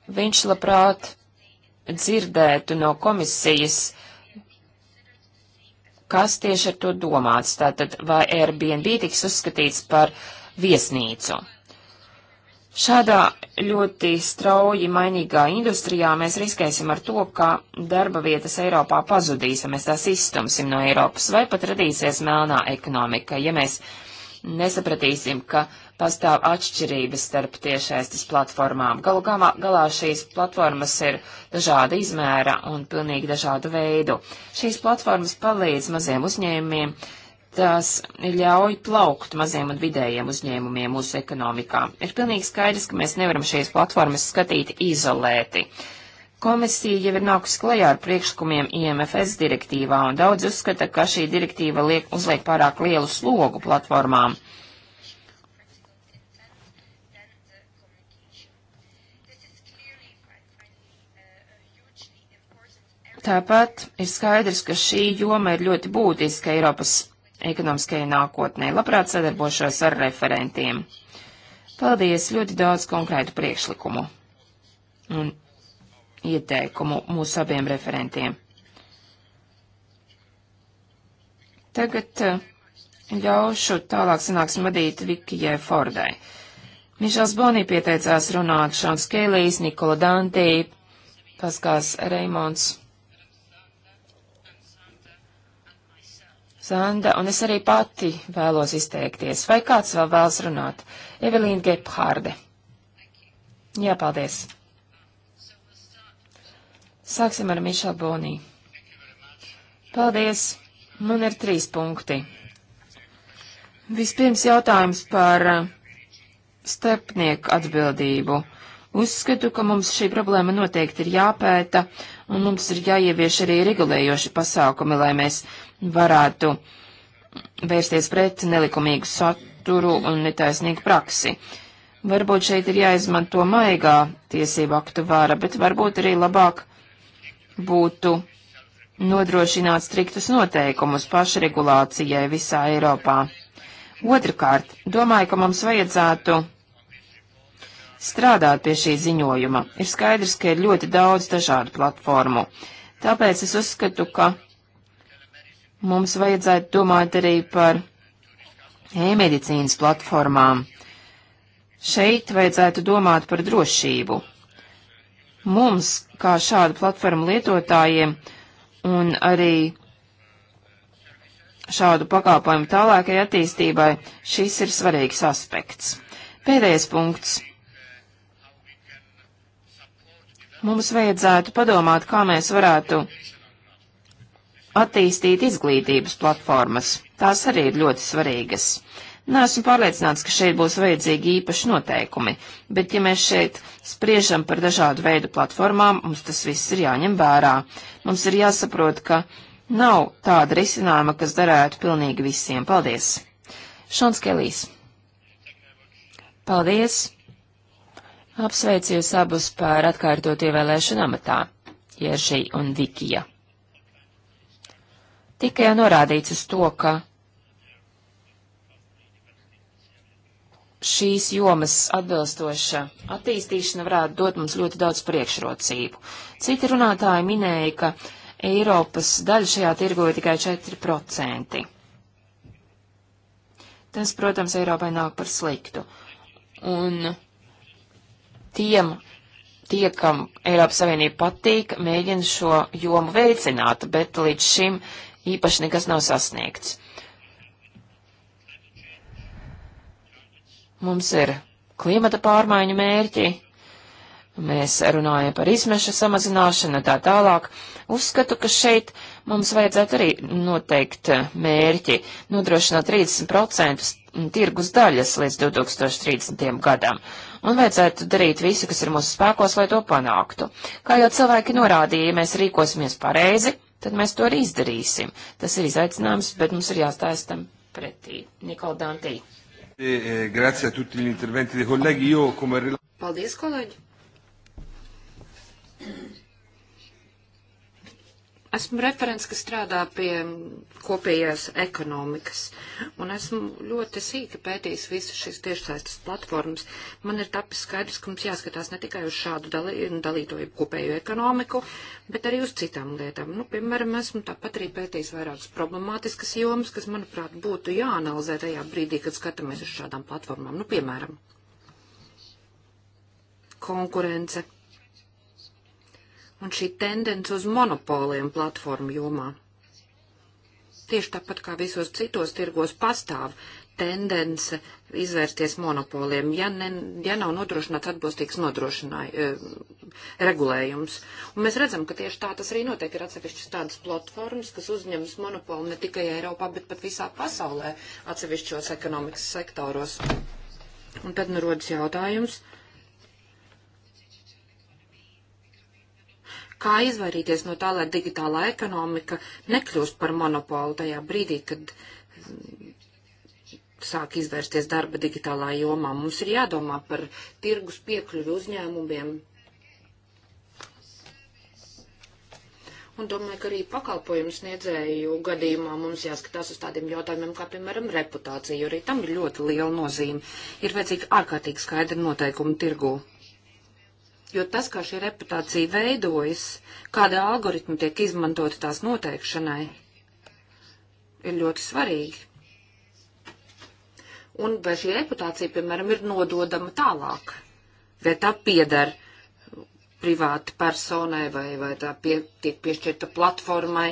Speaker 2: viņš labprāt dzirdētu no komisijas, kas tieši ar to domāts. Tātad, vai Airbnb tiks uzskatīts par viesnīcu? Šādā ļoti strauji mainīgā industrijā mēs riskēsim ar to, ka darba vietas Eiropā pazudīs, ja mēs tās izstumsim no Eiropas, vai pat radīsies melnā ekonomika, ja mēs nesapratīsim, ka pastāv atšķirības starp tiešaistes platformām. Galu galā, galā šīs platformas ir dažāda izmēra un pilnīgi dažādu veidu. Šīs platformas palīdz maziem uzņēmumiem tās ļauj plaukt maziem un vidējiem uzņēmumiem mūsu ekonomikā. Ir pilnīgi skaidrs, ka mēs nevaram šīs platformas skatīt izolēti. Komisija jau ir nākusi klajā ar priekšlikumiem IMFS direktīvā, un daudz uzskata, ka šī direktīva liek, uzliek pārāk lielu slogu platformām. Tāpat ir skaidrs, ka šī joma ir ļoti būtiska Eiropas ekonomiskajai nākotnē. Labprāt sadarbošos ar referentiem. Paldies, ļoti daudz konkrētu priekšlikumu un ieteikumu mūsu abiem referentiem. Tagad eh, ļaušu tālāk sanāksim vadīt Vikijai Fordai. Mišels Bonī pieteicās runāt Šons Kēlīs, Nikola Dantī, Paskās Reimons. Sanda, un es arī pati vēlos izteikties. Vai kāds vēl vēlas runāt? Evelīna Gepharde. Jā, paldies. Sāksim ar Mišelu Bonī. Paldies. Man ir trīs punkti. Vispirms jautājums par uh, starpnieku atbildību. Uzskatu, ka mums šī problēma noteikti ir jāpēta, un mums ir jāievieš arī regulējoši pasākumi, lai mēs varētu vērsties pret nelikumīgu saturu un netaisnīgu praksi. Varbūt šeit ir jāizmanto maigā tiesību aktu vāra, bet varbūt arī labāk būtu nodrošināt striktus noteikumus pašregulācijai visā Eiropā. Otrakārt, domāju, ka mums vajadzētu strādāt pie šī ziņojuma. Ir skaidrs, ka ir ļoti daudz dažādu platformu. Tāpēc es uzskatu, ka mums vajadzētu domāt arī par e-medicīnas platformām. Šeit vajadzētu domāt par drošību. Mums, kā šādu platformu lietotājiem un arī šādu pakāpojumu tālākai attīstībai, šis ir svarīgs aspekts. Pēdējais punkts Mums vajadzētu padomāt, kā mēs varētu attīstīt izglītības platformas. Tās arī ir ļoti svarīgas. Nesmu pārliecināts, ka šeit būs vajadzīgi īpaši noteikumi, bet ja mēs šeit spriežam par dažādu veidu platformām, mums tas viss ir jāņem vērā. Mums ir jāsaprot, ka nav tāda risinājuma, kas darētu pilnīgi visiem. Paldies! Šons Kelīs. Paldies! Apsveicu jūs abus par atkārtot ievēlēšanu amatā, Jerži un Vikija. Tikai jau norādīts uz to, ka šīs jomas atbilstoša attīstīšana varētu dot mums ļoti daudz priekšrocību. Citi runātāji minēja, ka Eiropas daļa šajā tirgu ir tikai 4%. Tas, protams, Eiropai nāk par sliktu. Un tiem, tie, kam Eiropas Savienība patīk, mēģina šo jomu veicināt, bet līdz šim īpaši nekas nav sasniegts. Mums ir klimata pārmaiņu mērķi, mēs runājam par izmeša samazināšanu un tā tālāk. Uzskatu, ka šeit uh, mums vajadzētu arī noteikt eh, mērķi nodrošināt 30% tirgus daļas līdz 2030. gadam. Un vajadzētu darīt visu, kas ir mūsu spēkos, lai to panāktu. Kā jau cilvēki norādīja, ja mēs rīkosimies pareizi, tad mēs to arī izdarīsim. Tas ir izaicinājums, bet mums ir jāstājas tam pretī. Nikola Dantī.
Speaker 1: E, e, grazie a tutti gli interventi dei colleghi. Io come...
Speaker 2: Paldies, kolēģi!
Speaker 3: Esmu referents, kas strādā pie kopējās ekonomikas, un esmu ļoti sīki pētījis visas šīs tiešsaistes platformas. Man ir tapis skaidrs, ka mums jāskatās ne tikai uz šādu dalī, dalītoju kopēju ekonomiku, bet arī uz citām lietām. Nu, piemēram, esmu tāpat arī pētījis vairākas problemātiskas jomas, kas, manuprāt, būtu jāanalizē tajā brīdī, kad skatāmies uz šādām platformām. Nu, piemēram, konkurence un šī tendence uz monopoliem platformu jomā. Tieši tāpat kā visos citos tirgos pastāv tendence izvērsties monopoliem, ja, ne, ja nav nodrošināts atbilstīgs nodrošināj, e, eh, regulējums. Un mēs redzam, ka tieši tā tas arī notiek. Ir atsevišķas tādas platformas, kas uzņemas monopolu ne tikai Eiropā, bet pat visā pasaulē atsevišķos ekonomikas sektoros. Un tad nu rodas jautājums, kā izvairīties no tā, lai digitālā ekonomika nekļūst par monopolu tajā brīdī, kad mm, sāk izvērsties darba digitālā jomā. Mums ir jādomā par tirgus piekļuvi uzņēmumiem. Un domāju, ka arī pakalpojumu sniedzēju gadījumā mums jāskatās uz tādiem jautājumiem, kā piemēram reputācija, jo arī tam ir ļoti liela nozīme. Ir vajadzīgi ārkārtīgi skaidri noteikumi tirgū jo tas, kā šī reputācija veidojas, kāda algoritma tiek izmantota tās noteikšanai, ir ļoti svarīgi. Un vai šī reputācija, piemēram, ir nododama tālāk, vai tā piedara privāti personai, vai, vai tā pie, tiek piešķirta platformai,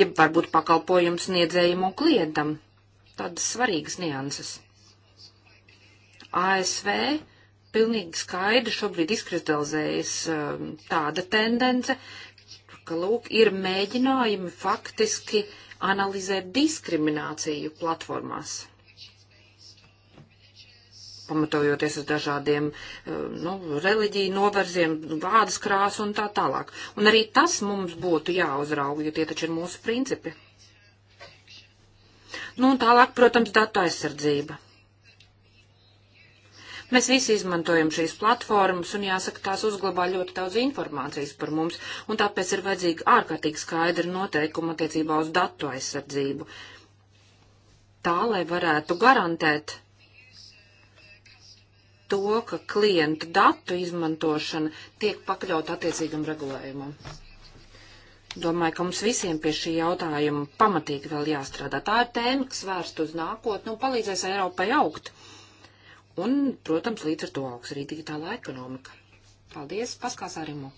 Speaker 3: ja varbūt pakalpojums sniedzējiem un klientam. Tādas svarīgas nianses. ASV pilnīgi skaidri šobrīd izkristalizējas um, tāda tendence, ka, lūk, ir mēģinājumi faktiski analizēt diskrimināciju platformās pamatojoties uz dažādiem um, nu, reliģiju novērziem, vārdas krāsu un tā tālāk. Un arī tas mums būtu jāuzrauga, jo tie taču ir mūsu principi. Nu, un tālāk, protams, datu aizsardzība. Mēs visi izmantojam šīs platformas un jāsaka, tās uzglabā ļoti daudz informācijas par mums, un tāpēc ir vajadzīga ārkārtīgi skaidra noteikuma attiecībā uz datu aizsardzību. Tā, lai varētu garantēt to, ka klientu datu izmantošana tiek pakļaut attiecīgam regulējumam. Domāju, ka mums visiem pie šī jautājuma pamatīgi vēl jāstrādā. Tā ir tēma, kas vērst uz nākotni un palīdzēs Eiropai augt. Un, protams, līdz ar to augs arī digitālā ekonomika. Paldies, Paskās Arimu!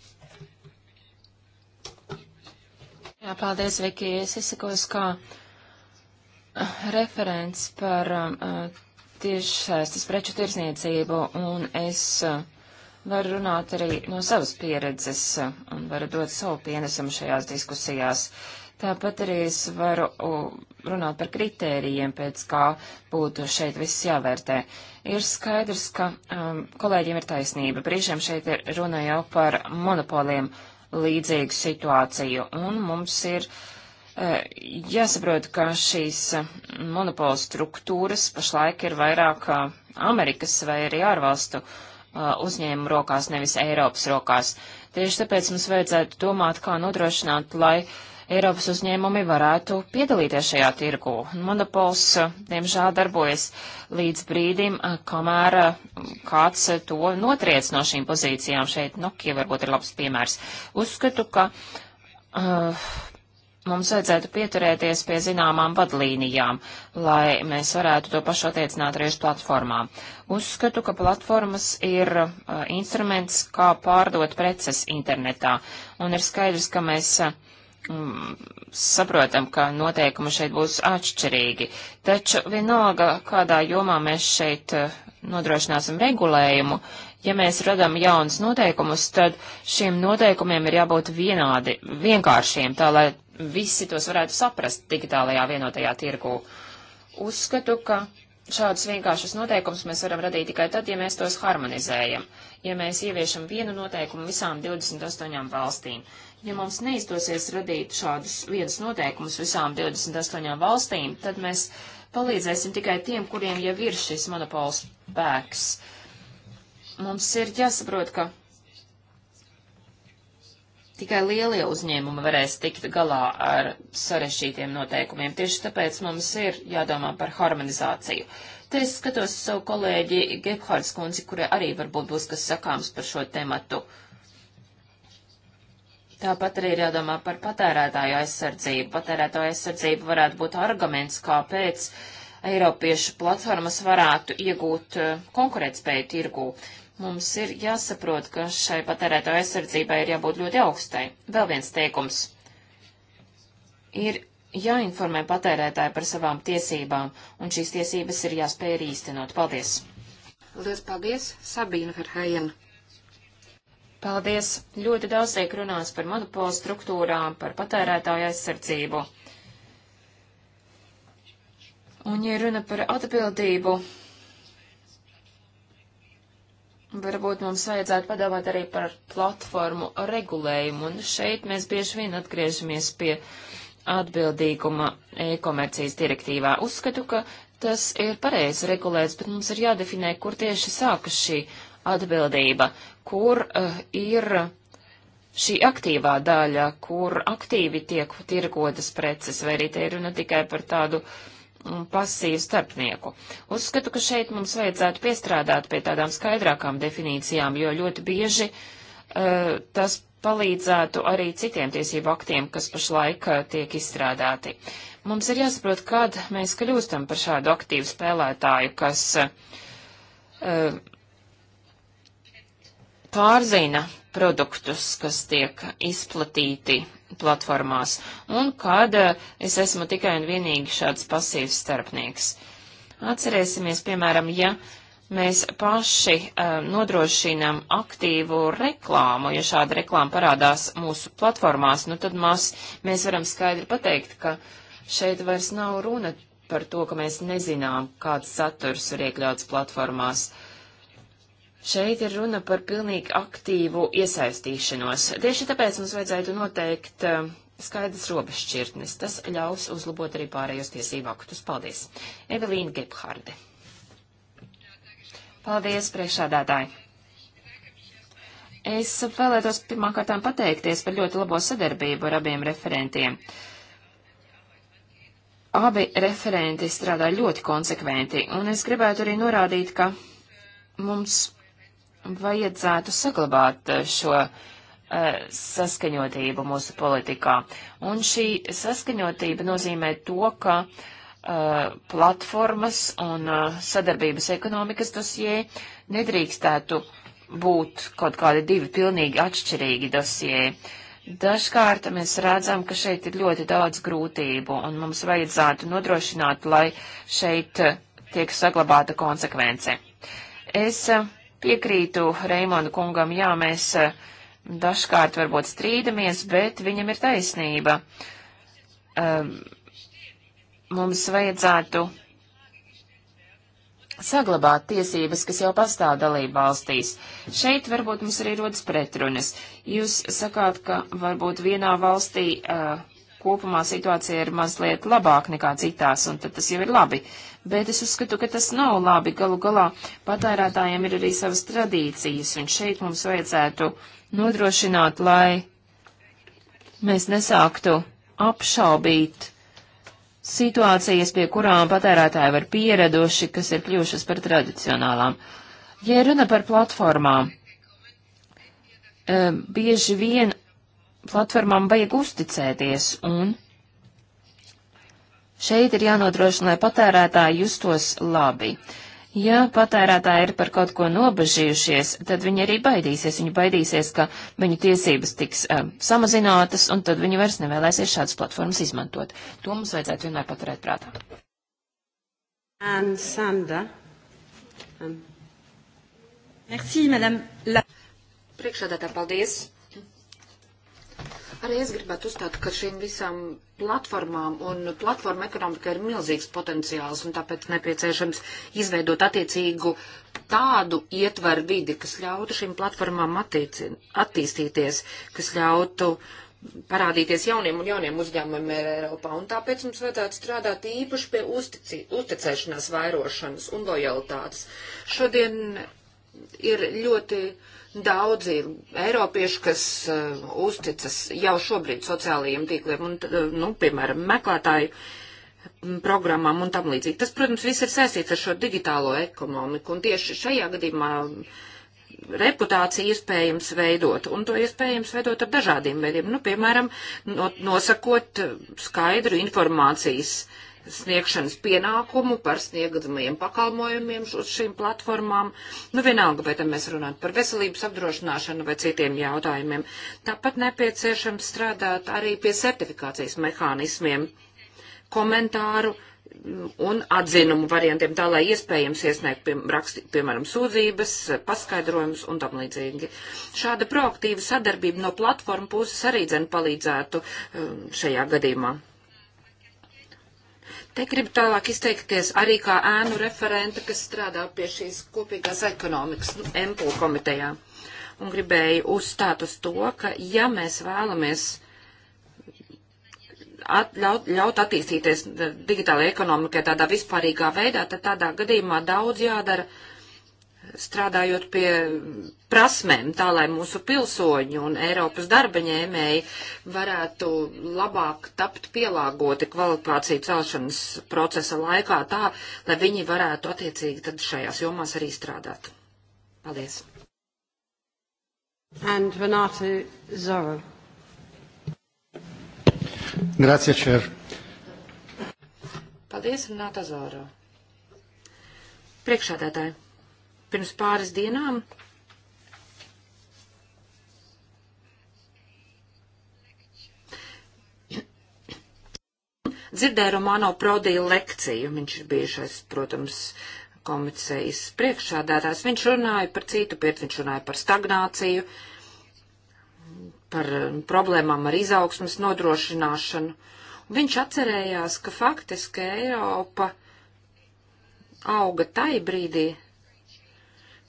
Speaker 2: Jā, paldies, Viki. Es izsakos kā eh, referents par uh, tiešsaistes preču tirsniecību, un es uh, varu runāt arī no savas pieredzes un varu dot savu pienesumu šajās diskusijās. Uh, Tāpat arī es varu runāt par kritērijiem, pēc kā būtu šeit viss jāvērtē. Ir skaidrs, ka um, kolēģiem ir taisnība. Brīžiem šeit ir runa jau par monopoliem līdzīgu situāciju, un mums ir uh, jāsaprot, ka šīs e, monopola struktūras pašlaik ir vairāk uh, Amerikas vai arī ārvalstu uh, uzņēmumu rokās, nevis Eiropas rokās. Tieši tāpēc mums vajadzētu domāt, kā nodrošināt, lai uh, Eiropas uzņēmumi varētu piedalīties šajā tirgu. Monopols, eh, diemžēl, darbojas līdz brīdim, eh, kamēr eh, kāds to notriec no šīm pozīcijām. Šeit Nokia varbūt ir labs piemērs. Uzskatu, ka uh, mums vajadzētu pieturēties pie zināmām vadlīnijām, lai mēs varētu to pašu attiecināt arī uz platformām. Uzskatu, ka platformas ir uh, instruments, kā pārdot preces internetā. Un ir skaidrs, ka mēs. Uh, um, saprotam, ka noteikumi šeit būs atšķirīgi, taču vienalga, kādā jomā mēs šeit eh, nodrošināsim regulējumu, ja mēs radām jaunus noteikumus, tad šiem noteikumiem ir jābūt vienādi, vienkāršiem, tā lai visi tos varētu saprast digitālajā vienotajā tirgū. Uzskatu, ka šādus vienkāršus noteikumus mēs varam radīt tikai tad, ja mēs tos harmonizējam, ja mēs ieviešam vienu noteikumu visām 28 valstīm. Ja mums neizdosies radīt šādus vienas noteikumus visām 28 valstīm, tad mēs palīdzēsim tikai tiem, kuriem jau ir šis monopols spēks. Mums ir jāsaprot, ka tikai lielie uzņēmumi varēs tikt galā ar sarešķītiem noteikumiem. Tieši tāpēc mums ir jādomā par harmonizāciju. Te es skatos savu kolēģi Gebhards kundzi, kurai arī varbūt būs kas sakāms par šo tematu. Uh, Tāpat arī ir jādomā par patērētāju aizsardzību. Patērētāju aizsardzība varētu būt arguments, kāpēc Eiropiešu platformas varētu iegūt eh, konkurētspēju tirgū. Mums ir jāsaprot, ka šai patērētāju aizsardzībai ir jābūt ļoti augstai. Vēl viens teikums. Ir jāinformē patērētāji par savām tiesībām, un šīs tiesības ir jāspēj īstenot. Paldies! Lielas paldies, Sabīna Verheijena! Paldies! Ļoti daudz tiek runāts par monopolu struktūrām, par patērētāju aizsardzību. Un, ja runa par atbildību, varbūt mums vajadzētu padomāt arī par platformu regulējumu, un šeit mēs bieži vien atgriežamies pie atbildīguma e-komercijas direktīvā. Uzskatu, ka tas ir pareizi regulēts, bet mums ir jādefinē, kur tieši sākas šī atbildība, kur uh, ir šī aktīvā daļa, kur aktīvi tiek tirgotas preces, vai arī te ir runa tikai par tādu um, pasīvu starpnieku. Uzskatu, ka šeit mums vajadzētu piestrādāt pie tādām skaidrākām definīcijām, jo ļoti bieži uh, tas palīdzētu arī citiem tiesību aktiem, kas pašlaik eh, tiek izstrādāti. Mums ir jāsaprot, kad mēs kļūstam par šādu aktīvu spēlētāju, kas uh, pārzina produktus, kas tiek izplatīti platformās, un kad eh, es esmu tikai un vienīgi šāds pasīvs starpnieks. Atcerēsimies, piemēram, ja mēs paši um, nodrošinām aktīvu reklāmu, ja šāda reklāma parādās mūsu platformās, nu tad mēs, mēs varam skaidri pateikt, ka šeit vairs nav runa par to, ka mēs nezinām, kāds saturs ir iekļauts platformās. Uh, Šeit ir runa par pilnīgi aktīvu iesaistīšanos. Tieši tāpēc mums vajadzētu noteikt eh, skaidrs robežšķirtnes. Tas ļaus uzlabot arī pārējos tiesību aktus. Paldies. Evelīna Gebharde. Paldies, priekšādātāji. Es vēlētos pirmkārtām pateikties par ļoti labo sadarbību ar abiem referentiem. Abi referenti strādā ļoti konsekventi, un es gribētu arī norādīt, ka mums vajadzētu saglabāt eh, šo uh, saskaņotību mūsu politikā. Un šī saskaņotība nozīmē to, ka uh, platformas un uh, sadarbības ekonomikas dosie nedrīkstētu būt kaut kādi divi pilnīgi atšķirīgi dosie. Dažkārt mēs redzam, ka šeit ir ļoti daudz grūtību, un mums vajadzētu nodrošināt, lai šeit tiek saglabāta konsekvence. Es uh, Piekrītu Reimonda kungam, jā, mēs eh, dažkārt varbūt strīdamies, bet viņam ir taisnība. Um, mums vajadzētu saglabāt tiesības, kas jau pastāv dalību valstīs. Šeit varbūt mums arī rodas pretrunas. Jūs sakāt, ka varbūt vienā valstī uh, kopumā situācija ir mazliet labāka nekā citās, un tad tas jau ir labi. Bet es uzskatu, ka tas nav labi. Galu galā patērētājiem ir arī savas tradīcijas, un šeit mums vajadzētu nodrošināt, lai mēs nesāktu apšaubīt situācijas, pie kurām patērētāji var pieraduši, kas ir kļuvušas par tradicionālām. Ja runa par platformām, eh, bieži vien platformām vajag uzticēties, un šeit ir jānodrošina, lai patērētāji justos labi. Ja patērētāji ir par kaut ko nobežījušies, tad viņi arī baidīsies. Viņi baidīsies, ka viņu tiesības tiks um, samazinātas, un tad viņi vairs nevēlēsies šādas platformas izmantot. To mums vajadzētu vienmēr paturēt prātā.
Speaker 3: Sanda.
Speaker 2: Merci, madame. La...
Speaker 3: Priekšādā tā paldies. Arī es gribētu uzstāt, ka šīm visām platformām un platforma ekonomika ir milzīgs potenciāls un tāpēc nepieciešams izveidot attiecīgu tādu ietveru vidi, kas ļautu šīm platformām attīci, attīstīties, kas ļautu parādīties jauniem un jauniem uzņēmumiem Eiropā. Un tāpēc mums vajadzētu strādāt īpaši pie uztici, uzticēšanās vairošanas un lojalitātes. Šodien ir ļoti Daudzi eiropieši, kas uh, uzticas jau šobrīd sociālajiem tīkliem un, uh, nu, piemēram, meklētāju mm, programmām un tam līdzīgi. Tas, protams, viss ir saistīts ar šo digitālo ekonomiku, un tieši šajā gadījumā reputāciju iespējams veidot, un to iespējams veidot ar dažādiem veidiem. Nu, piemēram, no, nosakot skaidru informācijas uh, sniegšanas pienākumu par sniegadzamajiem pakalmojumiem uz šīm platformām. Nu, vienalga, vai tam mēs runājam par veselības apdrošināšanu vai citiem jautājumiem. Tāpat nepieciešams strādāt arī pie certifikācijas mehānismiem, komentāru mm, un atzinumu variantiem, tā lai iespējams iesniegt, pie, raksti, piemēram, sūdzības, paskaidrojumus un tam līdzīgi. Šāda proaktīva sadarbība no platforma puses arī dzen palīdzētu mm, šajā gadījumā. Te gribu tālāk izteikties arī kā ēnu referenta, kas strādā pie šīs kopīgās ekonomikas MPU nu, komitejā. Un gribēju uzstāt uz to, ka ja mēs vēlamies at, ļaut, ļaut attīstīties eh, digitālajai ekonomikai tādā vispārīgā veidā, tad tādā gadījumā daudz jādara uh, strādājot pie prasmēm, tā lai mūsu pilsoņi un Eiropas darba ņēmēji varētu labāk tapt pielāgoti kvalifikāciju celšanas procesa laikā, tā lai viņi varētu attiecīgi tad šajās jomās arī strādāt. Paldies. And Renate Zoro.
Speaker 1: Grazie, Čer.
Speaker 3: Paldies, Renāta Zoro. Priekšādātāji pirms pāris dienām dzirdēju Romano Prodīju lekciju. Viņš ir bijušais, protams, komisijas priekšādātājs. Viņš runāja par citu pietu, viņš runāja par stagnāciju, par problēmām ar izaugsmas nodrošināšanu. Un viņš atcerējās, ka faktiski Eiropa auga tai brīdī,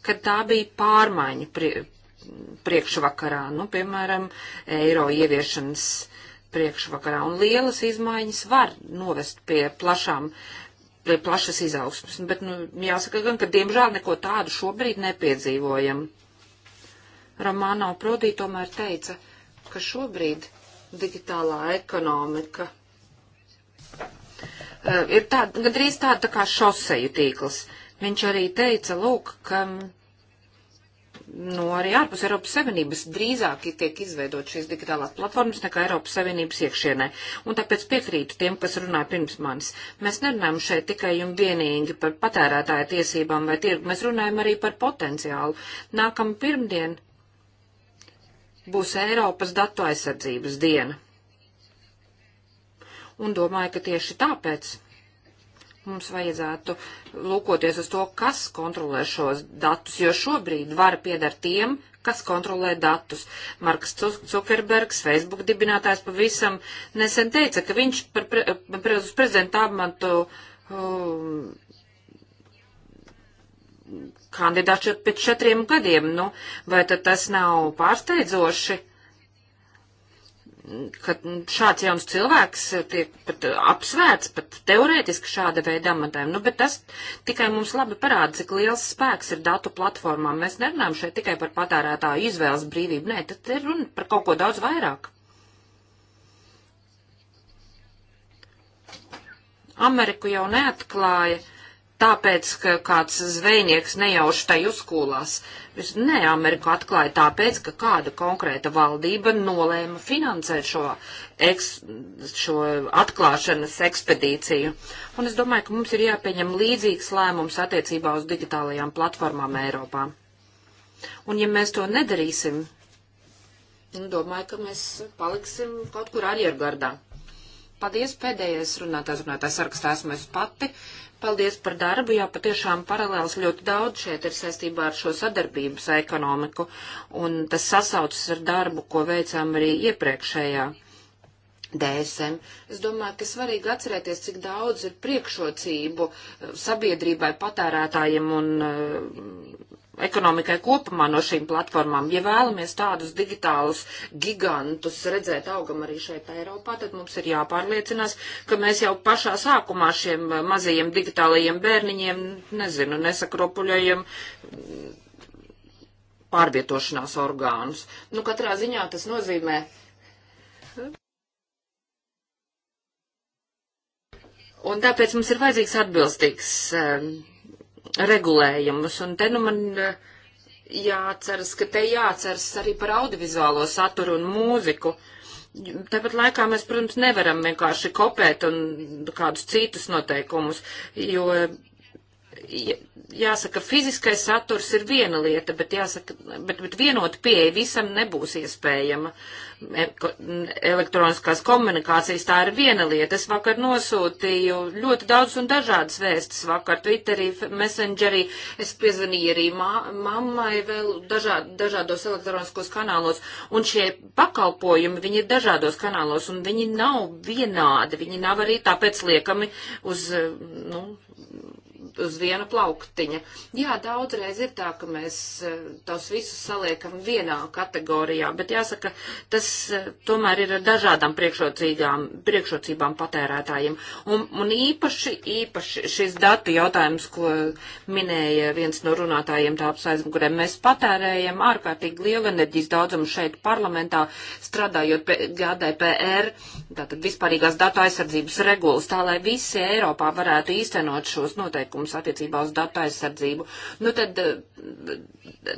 Speaker 3: ka tā bija pārmaiņa prie, priekšvakarā, nu, piemēram, eiro ieviešanas priekšvakarā, un lielas izmaiņas var novest pie plašām, pie plašas izaugsmas, bet, nu, jāsaka gan, ka diemžēl neko tādu šobrīd nepiedzīvojam. Romāno Prodī tomēr teica, ka šobrīd digitālā ekonomika eh, ir tāda, gandrīz tāda tā kā šoseju tīkls. Uh, Viņš arī teica, lūk, ka no nu, arī ārpus Eiropas Savienības drīzāk tiek izveidot šīs digitālās platformas nekā Eiropas Savienības iekšienē. Un tāpēc piekrītu tiem, kas runāja pirms manis. Mēs nerunājam šeit tikai un vienīgi par patērētāja tiesībām vai tirgu, mēs runājam arī par potenciālu. Nākam pirmdien būs Eiropas datu aizsardzības diena. Un domāju, ka tieši tāpēc mums vajadzētu lūkoties uz to, kas kontrolē šos datus, jo šobrīd vara piedar tiem, kas kontrolē datus. Marks Zukerbergs, Facebook dibinātājs, pavisam nesen teica, ka viņš par pre, pre, uz prezidentu apmantu um, kandidātu pēc četriem gadiem. Nu, vai tad tas nav pārsteidzoši? ka šāds jauns cilvēks tiek pat apsvērts, pat teorētiski šāda veida amatēm. Nu, bet tas tikai mums labi parāda, cik liels spēks ir datu platformām. Mēs nerunājam šeit tikai par patērētāju izvēles brīvību. Nē, tad ir runa par kaut ko daudz vairāk. Ameriku jau neatklāja tāpēc, ka kāds zvejnieks nejauši tai uzkūlās. Nē, Ameriku atklāja tāpēc, ka kāda konkrēta valdība nolēma finansēt šo, eks, šo atklāšanas ekspedīciju. Un es domāju, ka mums ir jāpieņem līdzīgs lēmums attiecībā uz digitālajām platformām Eiropā. Un ja mēs to nedarīsim, nu, domāju, ka mēs paliksim kaut kur arjergardā. Paldies, pēdējais runātājs, runātājs sarakstā esmu es pati. Paldies par darbu, jā, patiešām paralēls ļoti daudz šeit ir saistībā ar šo sadarbības ekonomiku, un tas sasaucas ar darbu, ko veicām arī iepriekšējā. DSM. Es domāju, ka svarīgi atcerēties, cik daudz ir priekšrocību eh, sabiedrībai, patērētājiem un uh, ekonomikai kopumā no šīm platformām. Ja vēlamies tādus digitālus gigantus redzēt augam arī šeit Eiropā, tad mums ir jāpārliecinās, ka mēs jau pašā sākumā šiem eh, mazajiem digitālajiem bērniņiem, nezinu, nesakropuļajiem pārvietošanās orgānus. Nu, katrā ziņā tas nozīmē. Un tāpēc mums ir vajadzīgs atbilstīgs eh, regulējumus. Un te nu man eh, jāceras, ka te jāceras arī par audiovizuālo saturu un mūziku. Tāpat laikā mēs, protams, nevaram vienkārši kopēt un kādus citus noteikumus, jo jāsaka, fiziskais saturs ir viena lieta, bet, jāsaka, bet, bet vienota pieeja visam nebūs iespējama. Uh, E-, elektroniskās komunikācijas, tā ir viena lieta. Es vakar nosūtīju ļoti daudz un dažādas vēstis vakar Twitterī, Messengerī, es piezvanīju arī mā, mammai vēl dažā, dažādos elektroniskos kanālos, un šie pakalpojumi, viņi ir dažādos kanālos, un viņi nav vienādi, viņi nav arī tāpēc liekami uz, e, nu, uz viena plauktiņa. Jā, daudzreiz ir tā, ka mēs e, tos visus saliekam vienā kategorijā, bet jāsaka, tas e, tomēr ir dažādām priekšrocībām patērētājiem. Un, un īpaši, īpaši šis datu jautājums, ko minēja viens no runātājiem tāps aizmugurēm, mēs patērējam ārkārtīgi lielu enerģijas daudzumu šeit parlamentā, strādājot pie GDPR, tātad vispārīgās datu aizsardzības regulas, tā lai visi Eiropā varētu īstenot šos noteikumus noteikumus attiecībā uz datu aizsardzību. Nu tad eh,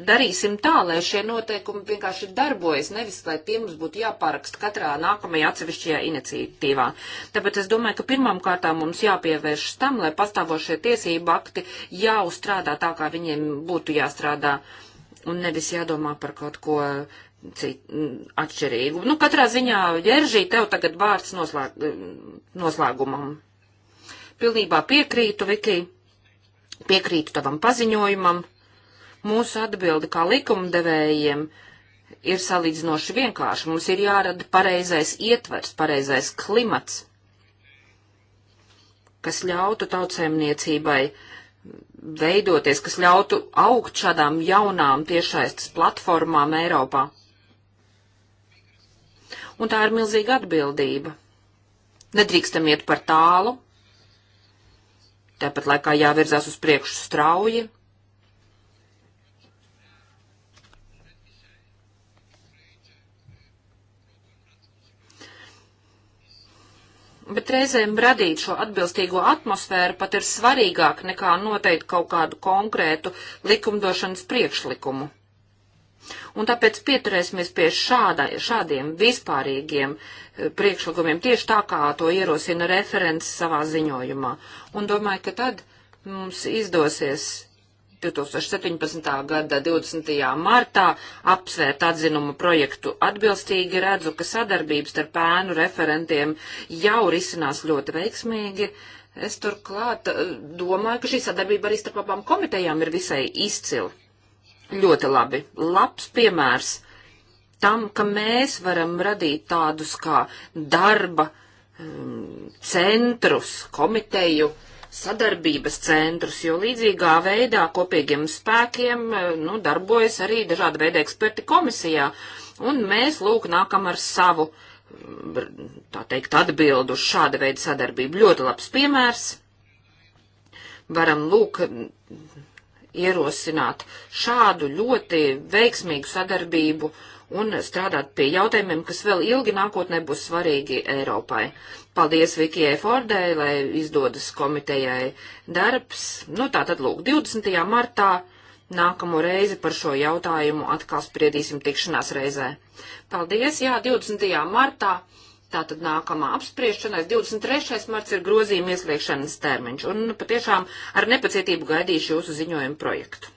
Speaker 3: darīsim tā, lai šie noteikumi vienkārši darbojas, nevis lai tie mums būtu jāpāraksta katrā nākamajā atsevišķajā iniciatīvā. Tāpēc es domāju, ka pirmām kārtām mums jāpievēršas tam, lai pastāvošie tiesību akti jāuzstrādā tā, kā viņiem būtu jāstrādā. Un nevis jādomā par kaut ko cit, atšķirīgu. Nu, katrā ziņā, Jeržī, tev tagad vārds noslēg, noslēgumam. Pilnībā piekrītu, Viki. Piekrītu tavam paziņojumam. Mūsu atbildi kā likumdevējiem ir salīdzinoši vienkārši. Mums ir jārada pareizais ietvers, pareizais klimats, kas ļautu tautsēmniecībai veidoties, kas ļautu augt šādām jaunām tiešaistas platformām Eiropā. Un tā ir milzīga atbildība. Nedrīkstam iet par tālu, Tāpat laikā jāvirzās uz priekšu strauji. Bet reizēm radīt šo atbilstīgo atmosfēru pat ir svarīgāk nekā noteikt kaut kādu konkrētu likumdošanas priekšlikumu. Un tāpēc pieturēsimies pie šāda, šādiem vispārīgiem eh, priekšlikumiem, tieši tā kā to ierosina referents savā ziņojumā. Un domāju, ka tad mums izdosies 2017. gada 20. martā apsvērt atzinumu projektu atbilstīgi redzu, ka sadarbības starp pēnu referentiem jau risinās ļoti veiksmīgi. Es turklāt eh, domāju, ka šī sadarbība arī starp abām komitejām ir visai izcila ļoti labi. Labs piemērs tam, ka mēs varam radīt tādus kā darba um, centrus, komiteju, sadarbības centrus, jo līdzīgā veidā kopīgiem spēkiem eh, nu, darbojas arī dažāda veida eksperti komisijā. Un mēs, lūk, nākam ar savu, um, tā teikt, atbildu uz šāda veida sadarbību. Ļoti labs piemērs. Varam, lūk, ierosināt šādu ļoti veiksmīgu sadarbību un strādāt pie jautājumiem, kas vēl ilgi nākotnē būs svarīgi Eiropai. Paldies Vikijai Fordai, lai izdodas komitejai darbs. Nu tā tad lūk, 20. martā nākamo reizi par šo jautājumu atkal spriedīsim tikšanās reizē. Paldies, jā, 20. martā. Tātad nākamā apspriešanai 23. marts ir grozījuma ieslēgšanas
Speaker 1: termiņš, un patiešām ar nepacietību gaidīšu jūsu ziņojumu projektu.